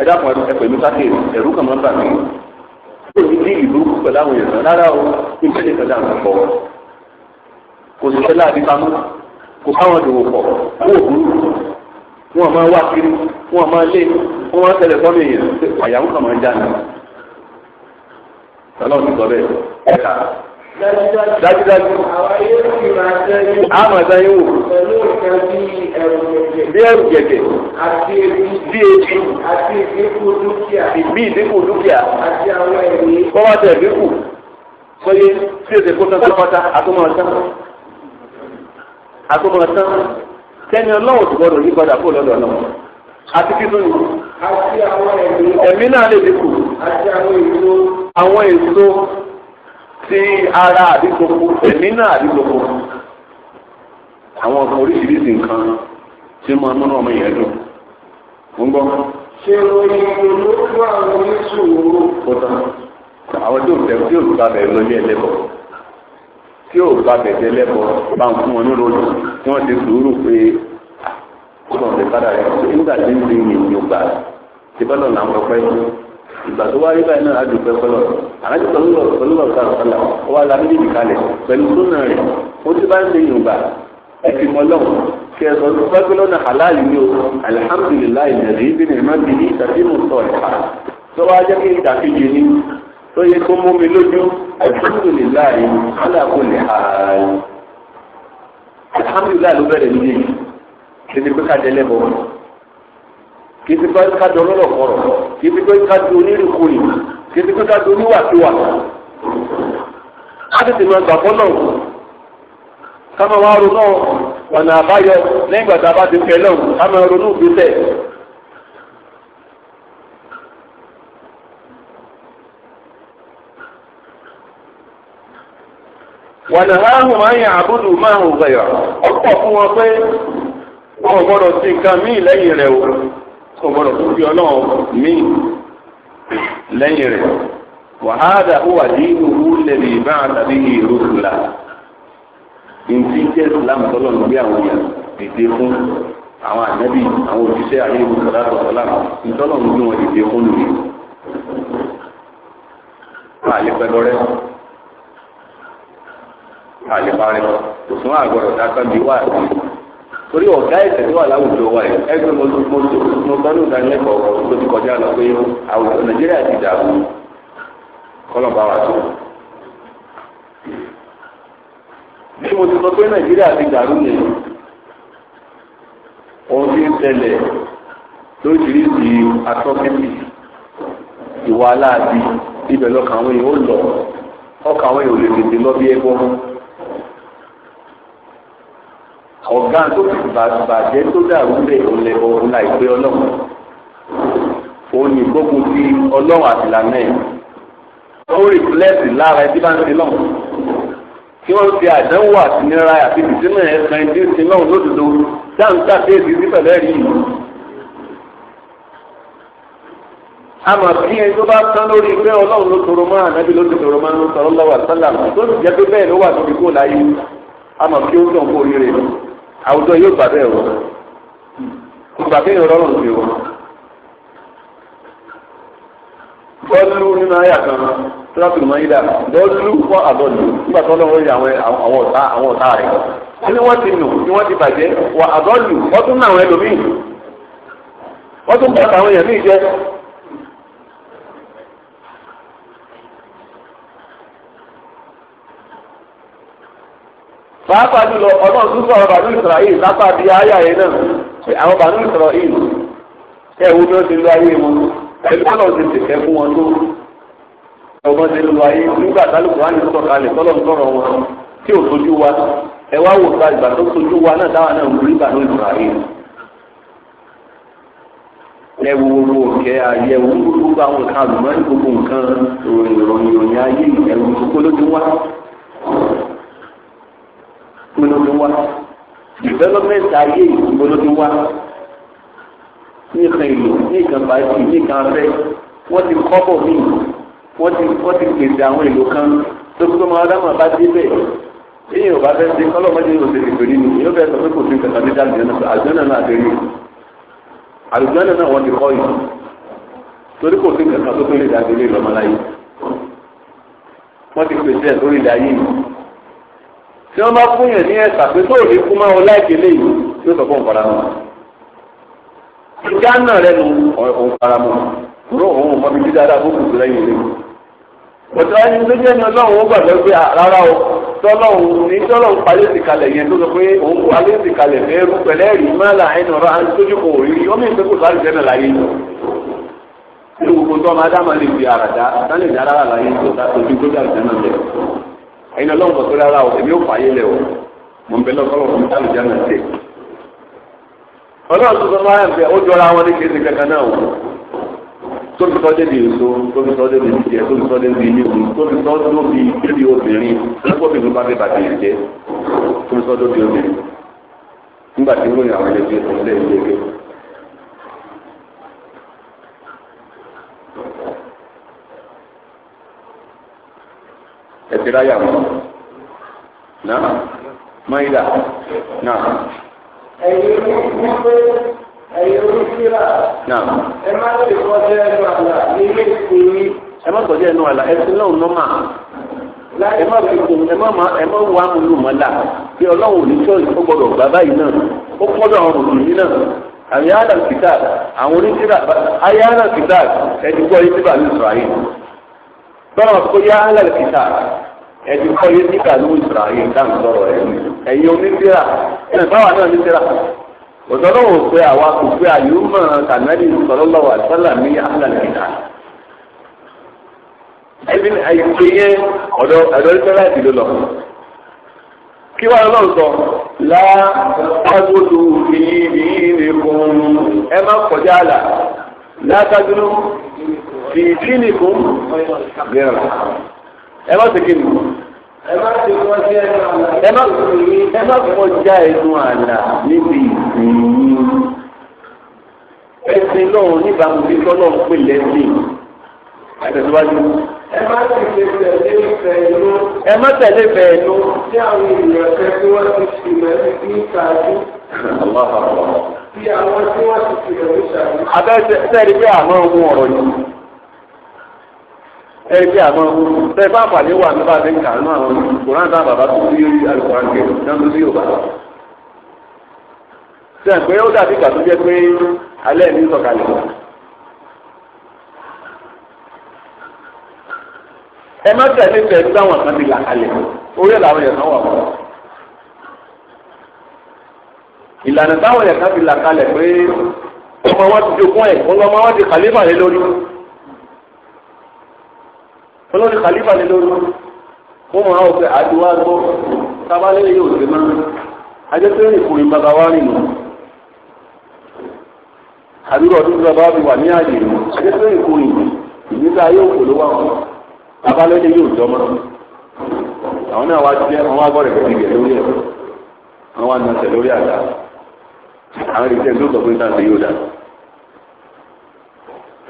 ẹ dákun ẹ pẹ̀lú sákèrè ẹ̀rù kan máa ń bà mí. ó ti dín ìlú pẹ̀lú àwọn èèyàn rárá o nígbà tí ìpẹ̀lú àwọn ọ̀pọ̀ kò sì fẹ́ láàbí pamọ́ kò káwọn dòwò pọ̀ kó òkúrú wọn máa wá kiri wọn máa lé wọn máa tẹlẹ fọ́ọ̀mù èèyàn àyàwó kan máa ń jáde. ọlọ́run ti sọ bẹ́ẹ̀ ẹ̀ka dájúdájú. àmọ̀ sáyé wò. bí ẹrù gẹ̀gẹ̀. bí ebi. bí ìdínkù dúkìá. kọ́wá tẹ̀ dínkù. sọyé tí èsè kó tán sápátá àtúmọ̀ ọ̀tán. àtúmọ̀ ọ̀tán. sẹ́ni ọlọ́wọ́ tó gbọ́dọ̀ yí padà kó lọ́dọ̀ náà àti kí lóyún. ẹ̀mí náà lè dínkù. àwọn èso. si ara àdìgbòkú ẹ̀mí náà àdìgbòkú àwọn ọkùnrin oríṣiríṣi nǹkan tí mo múnú ọmọ yẹn dùn mo ń gbọ́. ṣé oyin ló fún àwọn oníṣòwò. kó àwọn tí ò tẹ̀ tí gba ní tí ò gba bẹ̀rẹ̀ ẹlẹ́bọ̀ bá ń fún wọn ní tí ìgbà tó wáyé báyìí náà adùnfẹ́ fọlọ́ àlájú pẹ̀lú pẹ̀lú ọ̀sán ọ̀sán ó wá lábí níbi kalẹ̀ pẹ̀lú súnà rẹ̀ ó ti bá ń ṣe yorùbá ẹ fi mọ lọ́wọ́ kí ẹ sọ tó bá gbé lọ́nà halali ni o alihamudulilayi nàbí bínú ẹ̀ má bí ní ìtàfíìmù sọ ẹ̀ tó wá jẹ́ kí ìtàfíìmù ni tó yẹ kó mú mi lójú alihamudulilayi alákòlè hàl alihamudulilayi ló bẹ̀rẹ̀ níbi ẹni pé ká kìí pé ká dọ kọ̀rọ̀ kìí pé ká di onírìkúrì kìí pé ká di oníwàkiwà á tètè máa gbàgbọ́ náà lẹ́yìn bá ti fẹ́ náà ronú wàlẹ̀ máa ń kò gbọdọ̀ tó fi ọlọ́run mí lẹ́yìn rẹ̀ wàhálà huwa dị lẹ́bi bá tàbí ìrọ̀lá ìdí jẹ́ islam tọ́lọ̀ níbi àwọn èèyàn dìde fún àwọn ànábì àwọn òṣìṣẹ́ ìtọ́lọ̀ dìde fún àlepẹ́ lọ́rẹ́ àlepárẹ́ kò sún àgọ́rọ̀ wà á torí ọ̀gá ẹ̀sẹ̀ tó wà láwùjọ wa yìí ẹgbẹ́ mo mo mo sọ́nù ìdánilẹ́kọ̀ọ́ ọ̀rọ̀ tó ti kọjá lọ pé àwùjọ nàìjíríà ti dàrú kọ́lọ̀bá wa tó. bí mo ti sọ pé nàìjíríà ti dàrú ni ohun tí ń tẹ̀lẹ̀ lójijì atọ́kẹ́tì ìwà aláàbí ibẹ̀ lọ́kàn àwọn èèyàn ó lọ ọkàn àwọn èèyàn ò lè tètè lọ bí ẹgbọ́n ọ̀gá tó ti bàjẹ́ tó dàrú lé olè òun la ìpè ọlọ́run òun ìgbógun ti ọlọ́run àtìlánà ẹ̀ ó rí pílẹ́ẹ̀tì lára ẹbí bá ń ti lọ́hùn kí wọ́n fi àdánwò àtinira àti ìdísínú ẹ̀sán ẹ̀dí ti lọ́hùn lódodo dáńtà déèdì sí pẹ̀lẹ́ rí i. àmọ́ kí ẹni tó bá tán lórí pé ọlọ́run ló tọrọ mọ́ ànábì ló ti tọrọ mọ́ ló tọrọ lọ́wọ́ àtàlà tó sì jẹ́ pé bẹ́ẹ̀ ló wà níbi kó láyé àmọ́ kí ó dàn kó rí rẹ̀ lọ. àwùjọ yóò gbà bẹ́ẹ̀ wọ́n kò gbà bẹ́ẹ̀ rọrùn sí wọn. bọ́ọ̀lù nínú ayé àkàn tíráfìlì máa ń yíra bọ́ọ̀lù fọ́ àbọ̀lù nígbà tó lọ́wọ́ àwọn ọ̀tá àwọn ọ̀tá rẹ̀ ní wọ́n ti nù ní wọ́n ti bàjẹ́ wà àbọ̀lù wọ́n tún náà wọ́n tún bàtà àwọn pàápàá jùlọ ọlọ́run tún sọ̀rọ̀ bàánú Ísírẹ́lì lápá di ayé ayé náà pé àwọn bàánú Ísírẹ́lì ẹ wo ni ó ti lu ayé wọn ẹbí wọn lọ́ọ́ ti tẹ̀kẹ́ fún wọn tó ọmọ ti lu ayé nígbà tálùkù wọn ni sọ kalẹ̀ tọ́lọ̀ ń tọ̀rọ̀ wọn tí ò sojú wa ẹ wá wò ká ìgbà tó sojú wa náà táwọn náà ń lu ìgbà ló Ísírẹ́lì ẹ òkè ayé wo gbogbo àwọn nǹkan àlùmọ́ gbogbo nǹkan ìròyìn ìròyìn ayé ẹ gbólódó wa development ayé gbólódó wa ní ìkan ìlú ní ìkan bàjẹ́ ní ìkan abẹ́ wọ́n ti kọ́bọ̀ mí wọ́n ti wọ́n ti pèsè àwọn èlò kan tó kí ọmọ adámọ̀ bá dé bẹ́ẹ̀ èyí ò bá fẹ́ ṣe kọ́lọ́ mọ́tò yóò ṣe ìgbè nínú yóò fẹ́ sọ pé kò sí nǹkan kan ní náà àlùjọ́nà náà àti rí àlùjọ́nà náà wọ́n ti kọ́ yìí torí kò sí nǹkan tó tó lè dáàbò lé lọ́mọláyé wọ́n ti pèsè ẹ̀ lórí ilẹ̀ ayé yìí. tí wọn bá fún yàn ní ẹsà pé tó lè kú máa wọn láìpẹ́ léyìí yóò sọ fún ìjà rẹ nu òun faramọ kúrò òun mọ bíi dídára fókùn tó lẹ́yìn ilé bọtú ẹni tó jẹ ní Ọlọ́run ó gbàgbé pé rárá o ní parí èsì kalẹ̀ yẹn tó sọ pé òun èsì kalẹ̀ pẹ̀lẹ́ rí ẹnu ọ̀rọ̀ àti tójú kò ẹ̀yin ọlọ́run kò tó rárá o èmi ò fààyè lẹ̀ o mò ń bẹ lọ́kọ́lọ́ fún mi lálùjá náà tẹ̀. ọlọ́run tuntun máa ń bẹ ó jọra wọn ní kéde kankan náà o tóbi tọ́ débi èso tóbi tọ́ débi ìjẹ tóbi tọ́ débi ìlú tóbi tọ́ débi débi obìnrin lọ́pọ̀ mi ló bá fẹ́ bàtì ìjẹ tóbi tọ́ débi obìnrin nígbà tí ń gbóyè àwọn ẹlẹ́gbẹ́ ọ̀lẹ́ ìlú ẹgbẹ́. ẹ̀sìn ráyà wọn. náà máyìlá náà. ẹ̀yin ní pé ẹ̀yin ní kíra. náà. ẹ má lè kọjá ẹnu àlà nílé ìsinmi. ẹ má kọjá ẹnu àlà náà ẹ má fi kún ẹ má ma ẹ má wà múlù mọ́ la bí ọlọ́run ní gbà báyìí náà tọ́lọ̀ tó yá alẹ́kìtà ẹ̀dí kọ́ yé níkà ló ìsirà yé dáhùn sọ̀rọ̀ ẹ̀ ẹ̀yin oníṣẹ́ra ẹ̀ báwa náà níṣẹ́ra òtọ́lọ́ wò pé àwa kò pé àyùmọ̀ kànáàdì sallallahu alaihi wasallam ní alẹ́kìtà ẹbí àyùpé yẹ ọ̀dọ́ ẹ̀dọ́ ìṣẹ́ra ìdílé lọ kí wàá lọ sọ láàbùdù ìyìnbí nìkan ẹ má kọjá àlà látàdúró fi kíníkùn gbéra ẹ má ti kíni. ẹ má ti kọjá ẹnu àlà. ẹ má kọjá ẹnu àlà níbi ìsìn ẹsìn náà níbàámu bí tọ́lọ́ ń pè lẹ́sìn àtẹ̀síwájú. ẹ má ti tẹ̀lé ìfẹ́ inú. ẹ má tẹ̀lé ìfẹ́ inú. tí àwọn ènìyàn fẹ́ kí wọ́n ti ṣì mẹ́rin ní ìtajú bí àwọn tí wọ́n ti fi lọ́wọ́ ṣàlùmí. abẹ́sẹ̀ sẹ́ẹ̀rí pé àmọ́ ohun ọ̀rọ̀ yìí ẹ̀rí pé àmọ́ ohun tẹ́ bá pàdé wà nípa bí nǹkan náà àwọn kòrán tá bàbá tó fi yóò alùpùpù àǹkẹ́ náà tó fi yóò bá. sẹ́ẹ̀ pé ó dàbí ìgbà tó jẹ́ pé alẹ́ ní sọ̀kalẹ̀ wà. ẹ má tẹ̀lé tẹ̀lé táwọn kan ti là kalẹ̀ orí ẹ̀ làwọn yẹn kan wà wọ́n ìlànà táwọn yẹn kan fi là kalẹ̀ pé ọmọ wọn ti jogún ẹ̀ wọn lọ́mọ wọn ti kàlífà lé lórí wọn lọ́ọ́ ti kàlífà lé lórí wọn mọ̀ àwọn pé àdúrà gbọ́ tábàlẹ́ yóò ṣe máa ajẹ́pẹ́ ìkùnrin bàbá wa rìn nù àdúrà ọdún tí bàbá mi wà ní àyè rẹ̀ ajẹ́pẹ́ ìkùnrin ìgbésà yóò kò ló wà wọn tábàlẹ́ yóò jọ mọ́ àwọn náà wá jẹ́ àwọn agbọ́dọ̀ kẹ́kẹ́ lórí ẹ̀ àwọn àna tẹ̀ lórí àdá àwọn ìṣe ló sọ pé sáǹsì yóò dà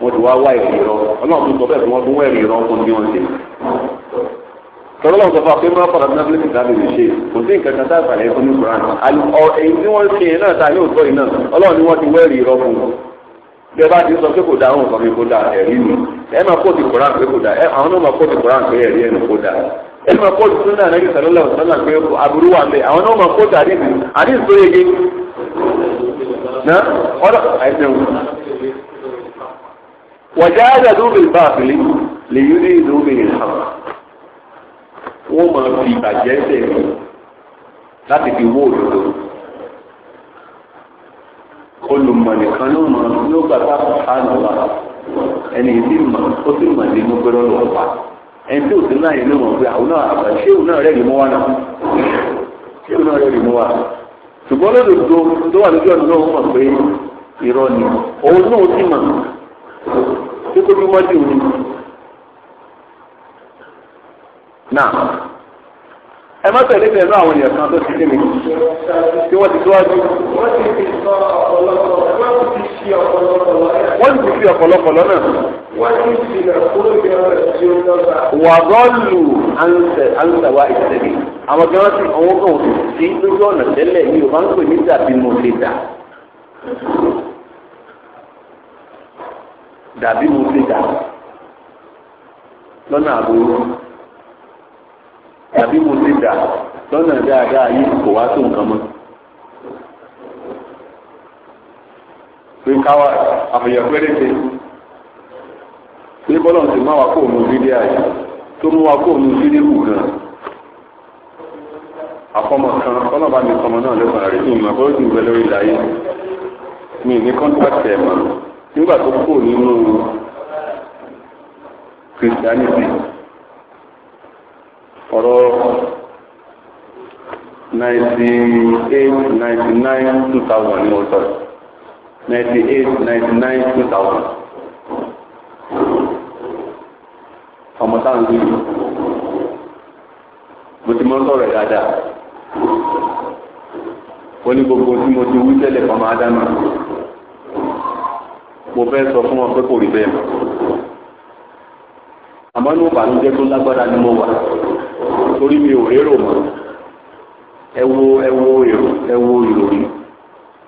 wọ́n ti wá wá ẹ̀rí rọ ọlọ́run tó sọ bẹ́ẹ̀ fún wọn tó wá ẹ̀rí rọ fún bí wọ́n ṣe. tọ́lọ́lọ́run sọ fún akéwọ́n fọ̀rọ̀ ní abúlé kìtà lè ṣe kò sí nǹkan kan tá a fàlẹ́ fún ní Quran èyí tí wọ́n ṣe yẹn náà ta ní òótọ́ yìí náà ọlọ́run ni wọ́n ti wá ẹ̀rí rọ fún un bí ẹ bá ti sọ pé kò dáa òun sọ pé kò dáa ẹ̀rí ni ẹ máa kó ti koran pé kò dáa ẹ àwọn náà máa kó ti koran pé ẹ̀rí ẹnu kò dáa ẹ máa kó ti sunna anabi sallallahu alaihi wasallam pé aburú wà mẹ àwọn náà máa kó ti àdìsí àdìsí tó yege náà ọ̀dọ̀ àìsàn wọ̀já àjàdú bèrè bá àfìlẹ́ lèyí rí ìlú bèrè hàn wọ́n máa fi ìbàjẹ́ sẹ̀ láti fi wó òdodo olùmọ̀nìkan ló mọ̀ ló gbà tá a nù wá ẹni ìdí mọ̀ ó sì mọ̀ nínú gbẹ́rọ́ lọ́wọ́ pa ẹni tí òsín náà yìí ló mọ̀ pé àwọn náà àgbà ṣé òun náà rẹ̀ lè mú wa náà ṣé òun náà rẹ̀ lè mú wa náà ṣùgbọ́n lódodo tó wà lójú ọ̀nà náà mọ̀ pé irọ́ ni òun náà sì mọ̀ kíkó bí wọ́n dì náà ẹ má tẹ̀lé pẹ̀lú àwọn èèyàn kan tó ti dé mi tí wọ́n ti tọ́jú. wọ́n ti fi sọ ọ̀pọ̀lọpọ̀ wọ́n ti fi ọ̀pọ̀lọpọ̀ lọ́nà. wọ́n ti fi ọ̀pọ̀lọpọ̀ lọ́nà. wọ́n ti fi nàkúrò bí ọ̀rẹ́ tí ó lọ́ba. wà á rọ́ọ̀lù ànsẹ̀ ànsẹ̀wá ìṣẹ̀lẹ̀. àwọn kan ti ọwọ́ kan òsì sí lójú ọ̀nà tẹ́lẹ̀ ní òbá ń pè ní dàbí mo lè dà. dàbí mo lè dà lọ́nà àbúrò dàbí mo lè dà lọ́nà dáadáa yìí kò wá tó nǹkan mọ́. péréte bọ́lọ̀ wa kó òun fídíà yìí tó mú wa kó òun fídíà kù náà kan mi sọmọ náà lẹ́kọ̀ọ́ rẹ̀ ní ìmọ̀ ń bẹ lórí mi ní kọ́ńtàkì nígbà tó kó nínú ọ̀rọ̀ 1998 99 2000 ni mo sọ 98 99 2000 ọmọ táwọn gbé yìí mo ti mọ sọ̀rọ̀ ẹ̀ dáadáa ó ní gbogbo tí mo ti wí tẹ́lẹ̀ ọmọ ádámà mo fẹ́ sọ fún ọ pé kò rí bẹ́ẹ̀ mọ́ àmọ́ ní ìbànújẹ́ tó lágbára ni mo wà torí mi ò rérò mọ́ ẹ wo ẹ wo èrò ẹ wo ìròyìn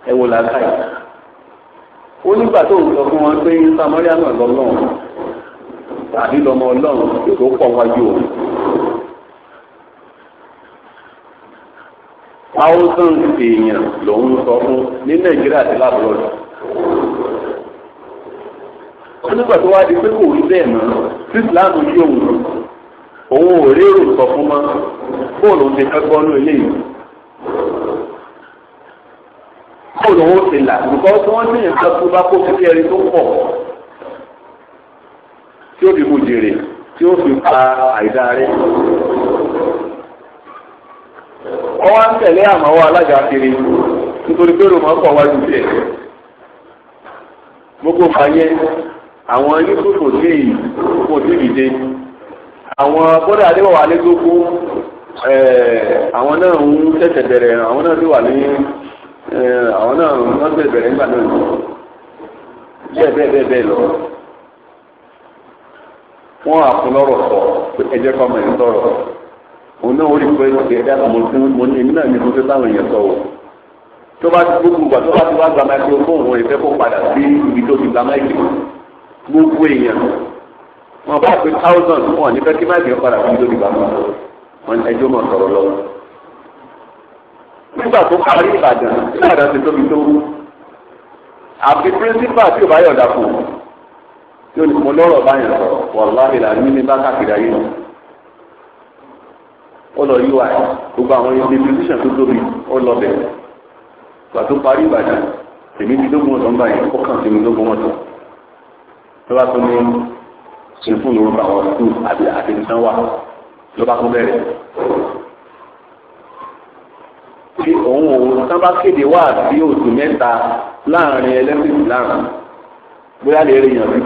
ẹ wo làákàyè ó nígbà tó ń sọ fún wọn pé samaria náà lọ lọ́run tàbí lọmọ Ọlọ́run ètò pọ̀ wájú òun. thousands èèyàn ló ń sọ fún ní nàìjíríà àti lábúrọ̀dù. onígbà tó wáá di pé kò rí bẹ́ẹ̀ mọ́ islam yí òun òun ò rérò sọ fún mọ́ bóòlù ti fẹ́ gbọ́ ní ilé kó lówó ti là nǹkan tí wọ́n sì ń sọ tó bá kó fífi ẹni tó pọ̀ tí ó fi mú jèrè tí ó fi pa àìdá rẹ̀. wọ́n wá ń tẹ̀lé àmọ́wọ́ alága kiri nítorí pé ròmọ́ pọ̀ wájú tiẹ̀. gbogbo fàyẹ àwọn yusuf òsè yìí kò sí ìdíje àwọn bọ́dà adébọ̀wá alégógún àwọn náà ń tẹ̀tẹ̀ bẹ̀rẹ̀ àwọn náà sì wà ní àwọn náà wọ́n bẹ̀rẹ̀ bẹ̀rẹ̀ nígbà náà bẹ́ẹ̀ bẹ́ẹ̀ bẹ́ẹ̀ bẹ́ẹ̀ lọ wọ́n àfúnlọ́rọ̀ sọ ẹjẹ́ kọ́ ọmọ yẹn sọ̀rọ̀ òun náà ó rí pé ẹ̀dá kan mo ní èmi náà ní kókó táwọn èèyàn sọ o tó bá ti gbogbo ìgbà tó bá ti wá gba máikrófóònù wọn ìfẹ́ kó padà sí ibi tó ti gba máìkì gbogbo èèyàn wọn bá pé thousand wọn nífẹ̀ẹ́ kí máìkì padà sí ibi tó ti gba máìkì wọn ẹjọ́ máa sọ̀rọ̀ lọ́wọ́ nígbà tó parí ìbàdàn ìbàdàn ti tóbi tó àfi pírísípà tí ò bá yọ̀dà kù yóò ní mo lọ́rọ̀ báyìí sọ wàláhì là ní ní bá káàkiri ayé náà ó lọ yíwa gbogbo àwọn ilé pírísíṣàn tó tóbi ó lọ bẹ̀ gbà tó parí ìbàdàn èmi ti dógún ọ̀sán báyìí ó kàn sí mi dógún ọ̀sán tó bá tó ní ṣe fún yorùbá àwọn sùkúù àti àti ìsanwó ló bá tó bẹ̀rẹ̀ pé òun òun tán bá kéde wá sí oṣù mẹ́ta láàrin ẹlẹ́sìn Islam bóyá lè rí yàn rí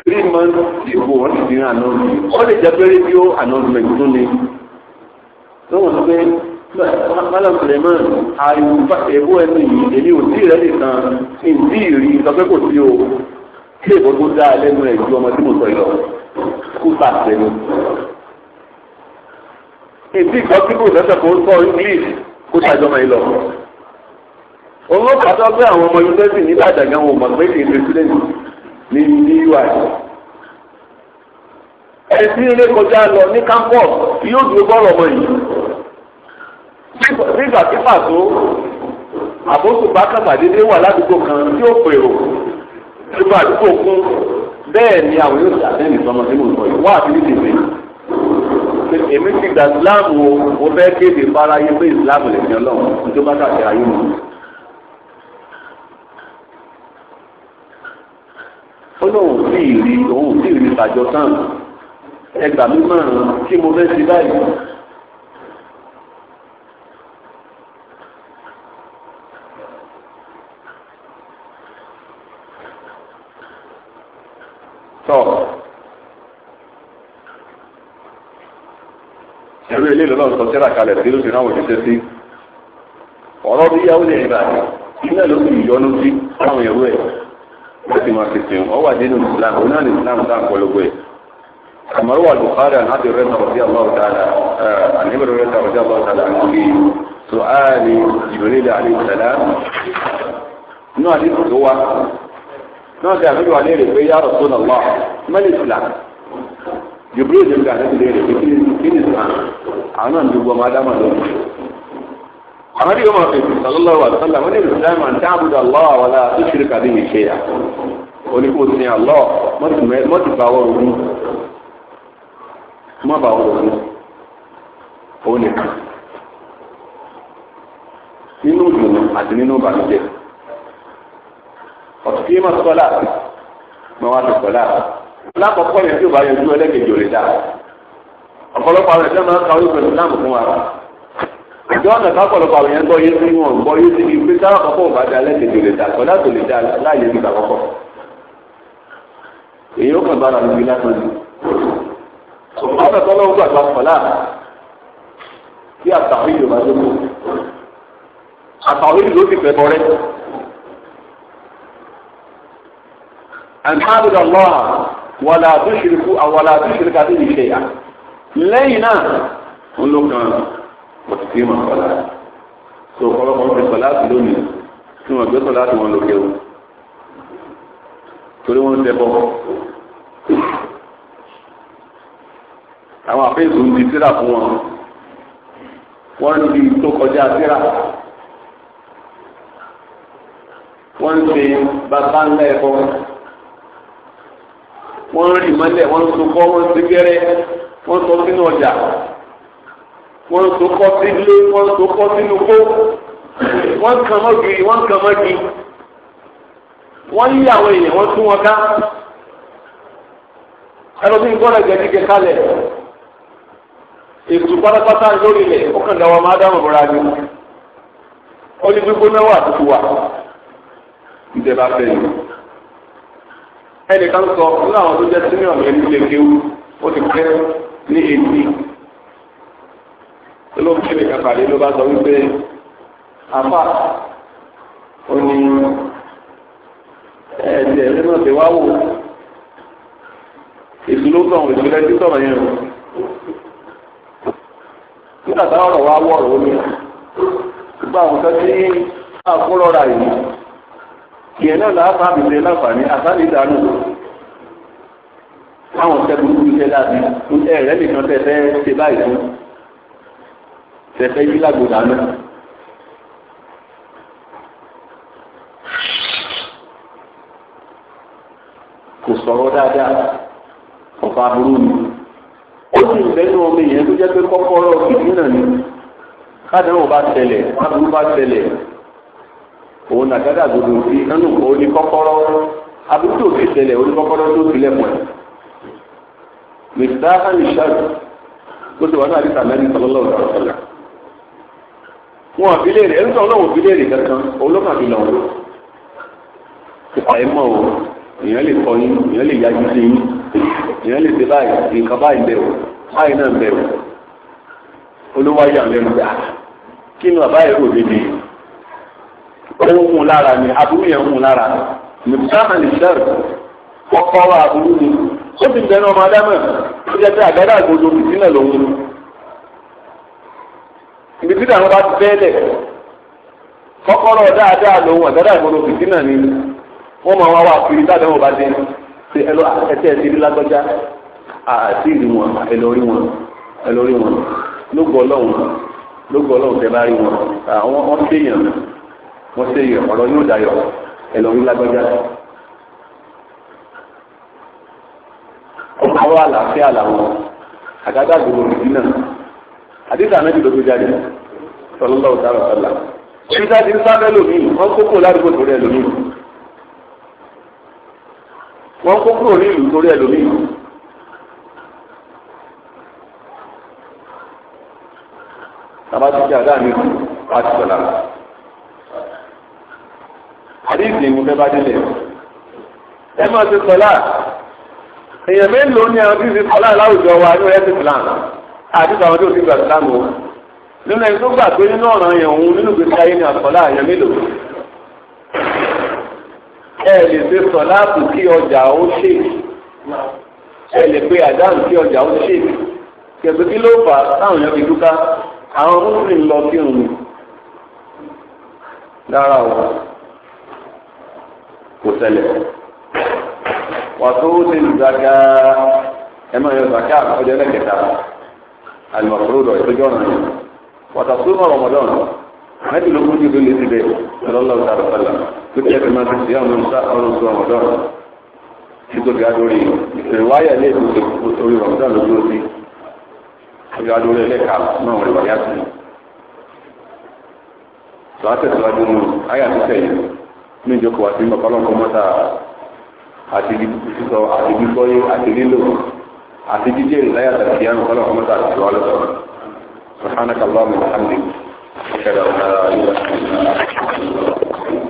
three months ago wọ́n ti dín announcement wọ́n lè jẹ́ pé rédíò announcement tún ni lọ́wọ́n pé Malam Suleiman ariwo èbó ẹnu yìí èmi ò tí ì rẹ́ nìkan ìdí ìrí ìsọpẹ́ kò sí o kí èbó tó dá lẹ́nu ẹ̀ ju ọmọ tí mo sọ yìí lọ kó sàtẹ́nu èsì ìgbọ́ kíkù lọ́sẹ̀ kò sọ english kó tàjọ́ máa ń lọ. òun ló pàtó pé àwọn ọmọ yunifásitì ní ìdàgbà wọn ò mọ̀ pé kì í ṣe sílẹ̀nì ní ní ui. ẹni tí ilé kọjá lọ ní campus yóò dúró bọ́ọ̀lù ọmọ yìí. nígbà tí pàtó àbóso bá kàbàdédé wà ládùúgbò kan tí ó pèrò nígbà àdúgbò kún bẹ́ẹ̀ ni àwọn yóò ṣàtẹ́yìn sọmọ sínú ìkọyọ̀ wá àbí ní pé èmi ti gba islam o mo fẹ́ kéde fáráyé pé islam lè fi ọlọ́run tó bá kàkiri ayé mi. ó lóun sì rí òun sì rí ìbàjọ́ tán ẹgbàá mi máa kí mo fẹ́ ṣe báyìí. tọ́ ẹ̀rú ilé ìlú náà sọ síra kalẹ̀ sí lóṣù náà wò ní sẹ́sí ọ̀rọ̀ bí yahoo lè rà iná ló fi ìyọnu sí àwọn ẹ̀rú ẹ̀ láti máa fi sìn ọ wà nínú Islam ọ náà ní Islam náà polówó ẹ̀ àmọ́rọ́ wà Bukhari àti rẹ̀ náà ọ̀dí àlọ́ ọ̀dáàlà àníbẹ̀rẹ̀ rẹ̀ náà ọ̀dí àlọ́ ọ̀dáàlà níbi sùhàlì Jibril alayhi salam náà ní kòtò wa náà ti àfihàn alẹ́ rẹ̀ pé yàrá tó lọ́ọ̀ mẹ́lẹ̀ Islam jibril ló ń gbà lẹ́sìn léèrè pé kí ni sàn àwọn náà ń gbogbo ọmọ adámà lónìí. àwọn ìyóò máa fèsì sallallahu alaihi wasallam wọn ní ìlú sáyẹn máa ń dáàbòdò allah wala tushrika bihi shay'a oníkó sin allah mọ́tì bá wọ́n rogún mọ́ bá wọ́n rogún òun nìkan nínú ìdùnnú àti nínú ìbànújẹ́ ọ̀tún kí n máa sọ́lá máa wá sí sọ́lá lákọ̀ọ́kọ́ yẹn tí o bá yọjú ẹlẹ́gẹ̀dẹ̀ ò lè dá ọ̀pọ̀lọpọ̀ àwọn ẹ̀ṣẹ́ máa ń kàwé pẹ̀lú láàmù fún wa ìjọ ọ̀nà kápọ̀lọpọ̀ àwọn yẹn gbọ́ yé sí wọn gbọ́ yé sí ibi tí alákọ̀ọ́kọ́ ò bá dá ẹlẹ́gẹ̀dẹ̀ ò lè dá kọ́ láti lè dá láàyè nígbà kọ́kọ́ èyí ó kàn bára mi bí lásán ni ọ̀nà tọ́lọ́wọ́ gbàgbà fọ̀lá tí àtàwé yorùbá ló kù àtàwé ló wàlà àtúnṣirikú àwàlà àtúnṣirikú àti ìṣe yà lẹ́yìn náà ń lò kan òtítí mà sọlá tó ọlọ́pàá fi sọlá sí lónìí tí wọ́n gbé sọlá tí wọ́n lò kéwù torí wọ́n ń tẹ́bọ̀ àwọn àfẹ́sù ń di síra fún wọn wọ́n di tó kọjá síra wọ́n ń ṣe bàbá ńlá wọ́n rìn mọ́lẹ̀ wọ́n so kọ́ wọ́n so gẹ́rẹ́ wọ́n so sínú ọjà wọ́n so kọ́ sílé wọ́n so kọ́ sínú kó wọ́n kàn mọ́ giri wọ́n kàn mọ́ gi wọ́n yí àwọn èèyàn wọ́n tún wọn ká ẹlòmíín gbọ́dọ̀ gẹ̀dígẹ̀ kalẹ̀ ètò pátápátá lórí ilẹ̀ ó kàn dáwọ́ máa dáhùn bọ́ra ni ó ní gbígbóná wà tó wà ìjẹba fẹ́ yìí ẹnìkan sọ nínú àwọn tó jẹ́ senior mi ní lékewu ó ti pẹ́ ní etí ló ń kéde kàkàdé ló bá sọ wípé àfà ó ní ẹ̀ẹ́dẹ̀ nínú ti wá wò ìṣúló sọ̀rọ̀ ìṣúlẹ̀ tí sọ̀rọ̀ yẹn o nígbà táwọn ọ̀rọ̀ wa wọ̀ ọ̀rọ̀ omi gbogbo àwọn kan tí àkúrọ̀ rà yìí ìyẹn náà làá máa bèèrè láǹfààní àtàlẹ́ ìdánù táwọn sẹ́gun kú iṣẹ́ dáadé ẹ̀rẹ́ nìkan tẹ̀fẹ́ ṣe báyìí fún tẹ̀fẹ́ yí lágbo dáná. kò sọ̀rọ̀ dáadáa ọ̀fà burú ni ó sì ń bẹ́nu ọmọ èèyàn tó jẹ́ pé kọ́kọ́rọ́ ìdí náà ni káàdánwò bá tẹ̀lẹ̀ káàdánwò bá tẹ̀lẹ̀ òun nàgádà gbogbo sí nínú òní kọ́kọ́rọ́ àbúrò òsì tẹlẹ̀ òní kọ́kọ́rọ́ tó tilẹ̀ pọ̀ ẹ̀. mr hanishad ló ti wà ní àdìsá mẹ́rin sọlọ́lọ́ ọ̀dọ̀ ọ̀sọ̀lá. wọn àbí léèrè ẹni sọ̀rọ̀ náà wọ́n fi léèrè kankan olókàn fi lọ́wọ́. ìpàdé mọ̀ o èèyàn lè kọ́ yín èèyàn lè yájú sí yín èèyàn lè ṣe báyìí nǹkan báyìí bẹ̀rù báyìí náà bẹ̀rù olówó ayé àlẹ́ mọ̀ kí ni bàbá yẹn kò débi yìí owó hun lára ni aburú yẹn hun lára nìbùsáhàn ní sẹ́rù ọkọ wa aburú ni ó ti bẹ̀rẹ̀ ọmọ adámọ̀ ó jẹ́ pé àgbàdo àgbòdo fìtínà lòun ibi tí àwọn bá ti bẹ́ẹ̀lẹ̀ kọ́kọ́rọ́ dáadáa lòun àgbàdo àgbòdo fìtínà ni wọ́n máa wá wá kiri tá àdéhùn bá dé ṣe ẹlọ ẹtẹ ẹtì rí lágbọ́já àti ìrì wọn ẹlọrí wọn ẹlọrí wọn ló gbọ́ ọlọ́run ló gbọ́ ọlọ́run tẹ bá rí wọn àwọn ọ́n mo ṣe yọ ọ̀rọ̀ yóò dayọ̀ ẹ lọ rí lágbájá. ọ̀rọ̀ àlàáfíà làwọn àgádà gbogbo nìdí náà àdìsá náà ti lọ gbé jáde sọlọ́lá ọ̀tá ọ̀tá ṣíṣá ti ń sáfẹ́ lómi wọ́n kókó ládùúgbò torí ẹ lómi wọ́n kókó ní ìlú torí ẹ tàbá ti ṣe àdáà mi àti sọ̀lá lè mú bẹ́ẹ̀ bá délẹ̀. ẹ máa ti sọlá èèyàn mélòó ni àwọn tí ti sọlá láwùjọ wa ní ẹ̀sìn plan àti àwọn tí ò ti gbà sílámù o nínú ẹni tó gbà pé nínú ọ̀ràn yẹn òun nínú gbèsè ayé ni àsọlá èèyàn mélòó. ẹ lè ṣe sọlá kù kí ọjà ó ṣe ẹ lè pe àdáhùn kí ọjà ó ṣe kẹ̀sì kí ló fà táwọn èèyàn fi dúkà àwọn mùsùlùmí lọ kírun ni. dára o kò ṣẹlẹ̀ wàtó ṣe ìgbàgà ẹ máa yọ zaka ọjọ́ ẹlẹ́kẹta alimọ̀fúrúdọ̀ ìtọ́jú ọ̀nà yìí wàtà tó mọ̀ rọmọdọ́n mẹ́tì ló kún jùlọ lè ti bẹ̀ lọ́lọ́ ìtàrọ̀ sọ́là tó kí ẹ̀fẹ̀ máa ti ṣe àwọn ọmọ ọdún tó rọmọdọ́n tí tó adórí ìrìnwáyà lè tó orí sí orí adórí ẹlẹ́ka náà wọ̀nyí wáyà sí. sọ ní ìjókòó àti nígbà kọ́lọ́kọ́ mọ́ta àti sísọ àti gbígbọ́yé àti lílo àti jíjẹ́ ìláyà tàbí àrùn kọ́lọ́kọ́ mọ́ta àti ìwà lọ́sọ̀rọ̀ subhanaka allahumma wa bihamdika ashhadu an